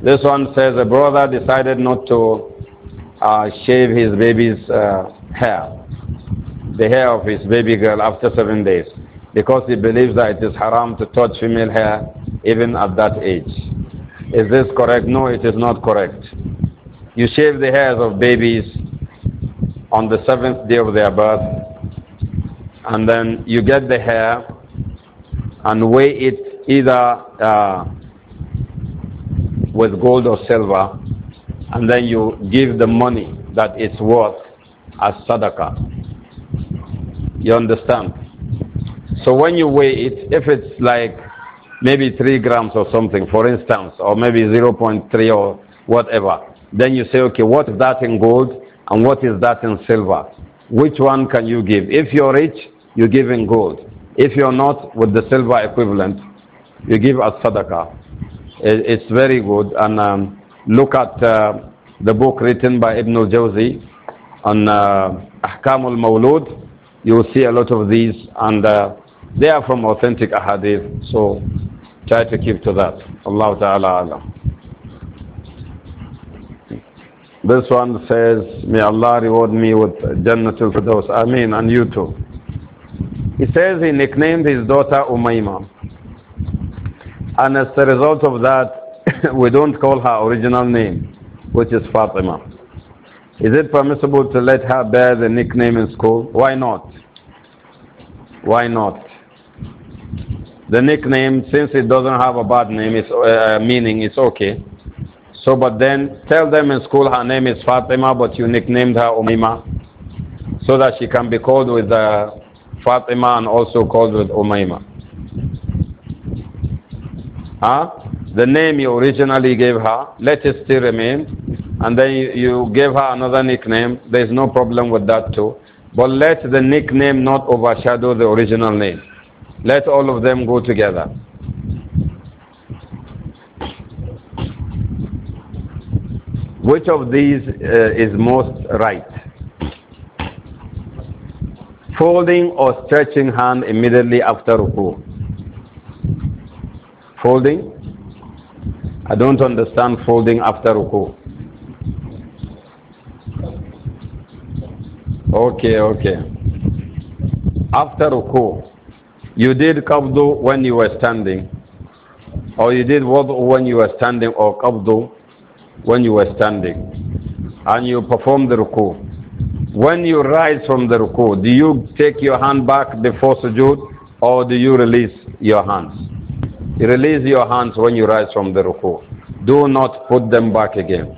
A: This one says a brother decided not to uh, shave his baby's uh, hair, the hair of his baby girl, after seven days because he believes that it is haram to touch female hair even at that age. Is this correct? No, it is not correct. You shave the hairs of babies on the seventh day of their birth, and then you get the hair and weigh it either uh, with gold or silver, and then you give the money that it's worth as sadaqah. You understand? So when you weigh it, if it's like maybe 3 grams or something, for instance, or maybe 0.3 or whatever, then you say, okay, what is that in gold and what is that in silver? Which one can you give? If you're rich, you give in gold. If you're not, with the silver equivalent, you give as sadaqah. It's very good. And um, look at uh, the book written by Ibn al-Jawzi on uh, Ahkam al-Mawlud. You'll see a lot of these. And... Uh, they are from authentic ahadith, so try to keep to that. Allah Ta'ala This one says, May Allah reward me with Jannatul Firdaus. amin And you too. He says he nicknamed his daughter Umayma. And as a result of that, we don't call her original name, which is Fatima. Is it permissible to let her bear the nickname in school? Why not? Why not? The nickname, since it doesn't have a bad name, it's, uh, meaning it's okay. So, but then tell them in school her name is Fatima, but you nicknamed her Umima, so that she can be called with uh, Fatima and also called with Umima. Huh? The name you originally gave her, let it still remain, and then you gave her another nickname. There is no problem with that too, but let the nickname not overshadow the original name. Let all of them go together. Which of these uh, is most right? Folding or stretching hand immediately after ruku? Folding? I don't understand folding after ruku. Okay, okay. After ruku, you did qabdu when you were standing, or you did what when you were standing, or qabdu when you were standing, and you perform the ruku. When you rise from the ruku, do you take your hand back before sujood, or do you release your hands? You release your hands when you rise from the ruku. Do not put them back again.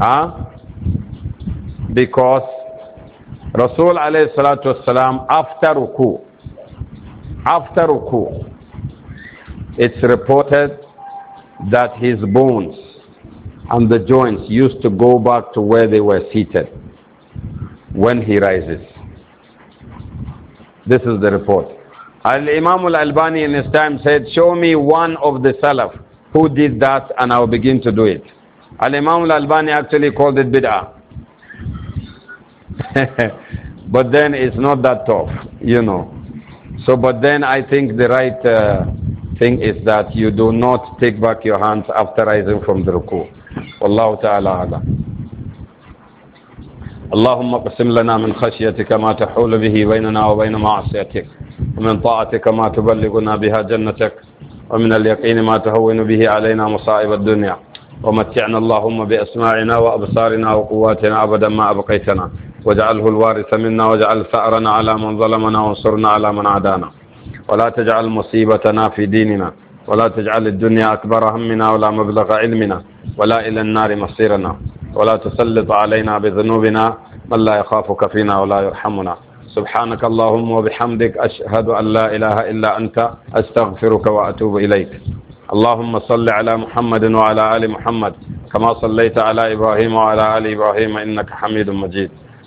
A: Huh? Because Rasul alayhi salatu wasalam, after ruku, after ruku. It's reported that his bones and the joints used to go back to where they were seated when he rises. This is the report. Al Imam Al Albani in his time said, Show me one of the Salaf who did that and I'll begin to do it. Al Imam Al Albani actually called it bid'ah. but then it's not that tough, you know. So, but then I think the right uh, thing is that you do not take back your hands after rising from the ruku. Wallahu ta'ala ala. اللهم اقسم لنا من خشيتك ما تحول به بيننا وبين معصيتك ومن طاعتك ما تبلغنا بها جنتك ومن اليقين ما تهون به علينا مصائب الدنيا ومتعنا اللهم بأسماعنا وأبصارنا وقواتنا أبدا ما أبقيتنا واجعله الوارث منا واجعل ثأرنا على من ظلمنا وانصرنا على من عادانا ولا تجعل مصيبتنا في ديننا ولا تجعل الدنيا أكبر همنا ولا مبلغ علمنا ولا إلى النار مصيرنا ولا تسلط علينا بذنوبنا من لا يخافك فينا ولا يرحمنا سبحانك اللهم وبحمدك أشهد أن لا إله إلا أنت أستغفرك وأتوب إليك اللهم صل على محمد وعلى آل محمد كما صليت على إبراهيم وعلى آل إبراهيم إنك حميد مجيد